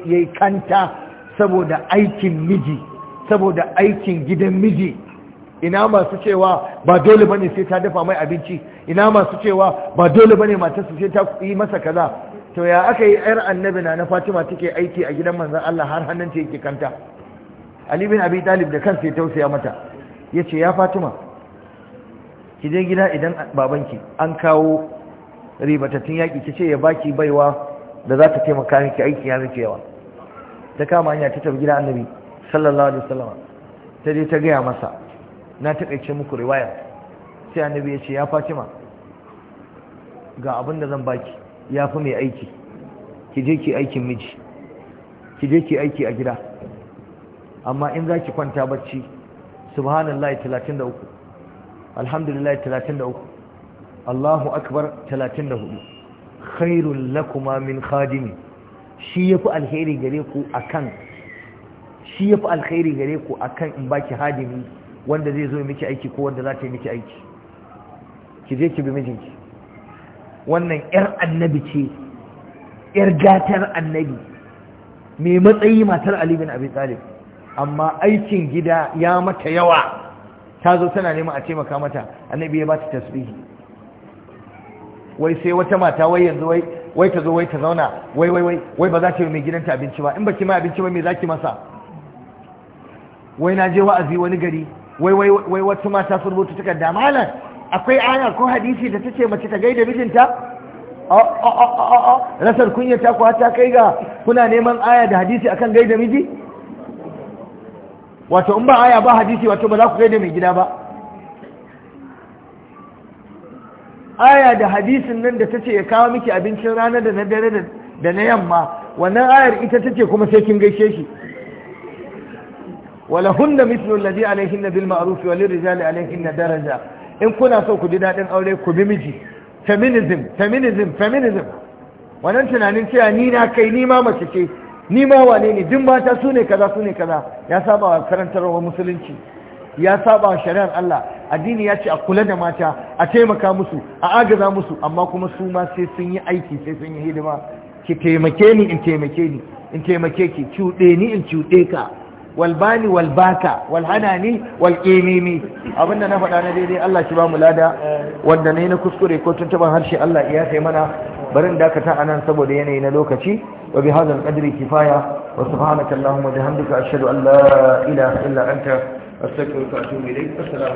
yi kanta saboda aikin miji saboda aikin gidan miji ina masu cewa ba dole bane sai ta dafa mai abinci ina masu cewa ba dole bane matarsa sai ta yi masa kaza to ya aka yi yar annabi na na fatima take aiki a gidan manzon Allah har hannunta yake kanta ali bin abi talib da kansa ya tausaya mata ya ce ya fatima ki je gida idan babanki an kawo ribatattun yaƙi ki ce ya baki baiwa da za ta taimaka miki aiki ya miki yawa ta kama hanya ta tafi gida annabi sallallahu alaihi wasallam ta je ta gaya masa na taƙaice muku riwaya sai annabi ya ce ya fatima ga abin da zan baki ya fi mai aiki ki je ki aikin miji ki je ki aiki a gida amma in za ki kwanta bacci subhanallah 33 alhamdulillah 33 Allahu akbar 34 Khairun lakuma min khadimi shi yafi alheri gare ku akan shi yafi alheri gare ku akan in baki hadimi wanda zai zo miki aiki ko wanda za ta yi miki aiki ki je ki bi mijinki wannan yar annabi ce yar gatar annabi mai matsayi matar Ali bin Abi Talib amma aikin gida ya mata yawa ta zo tana neman a taimaka mata annabi ya ba ta tasbihi wai sai wata mata wai yanzu wai wai ta zo wai ta zauna wai wai wai wai ba za ta yi mai gidanta abinci ba in baki mai abinci ba me za ki masa wai na je wa'azi wani gari wai wai wai wata mata sun rubuta takarda malam akwai aya ko hadisi da tace mace ta gaida mijinta rasar kunya ta ku ta kai ga kuna neman aya da hadisi akan gaida miji wato in ba aya ba hadisi wato ba za ku gaida mai gida ba aya da hadisin nan da ta ce ya kawo miki abincin rana da na dare da na yamma wannan ayar ita ta ce kuma sai kin gaishe shi wala hunna mislu alladhi alayhinna bil ma'ruf wa lirijali alayhinna daraja in kuna so ku ji dadin aure ku bi miji feminism feminism feminism wannan tunanin cewa ni na kai ni ma mace ce ni ma wane ne duk mata su ne kaza su ne kaza ya saba wa musulunci ya saba wa shari'ar Allah addini ya ce a kula da mata a taimaka musu a agaza musu amma kuma su ma sai sun yi aiki sai sun yi hidima ki taimake ni in taimake ni in taimake ki cuɗe ni in cuɗe ka walbani walbaka walhanani Abin abinda na faɗa na daidai Allah shi ba mu lada wanda ne na kuskure ko tuntuban harshe Allah ya kai mana barin dakata nan saboda yanayi na lokaci wa bi hadha alqadri kifaya wa subhanaka allahumma bihamdika ashhadu an la ilaha illa anta astaghfiruka wa atubu ilayk assalamu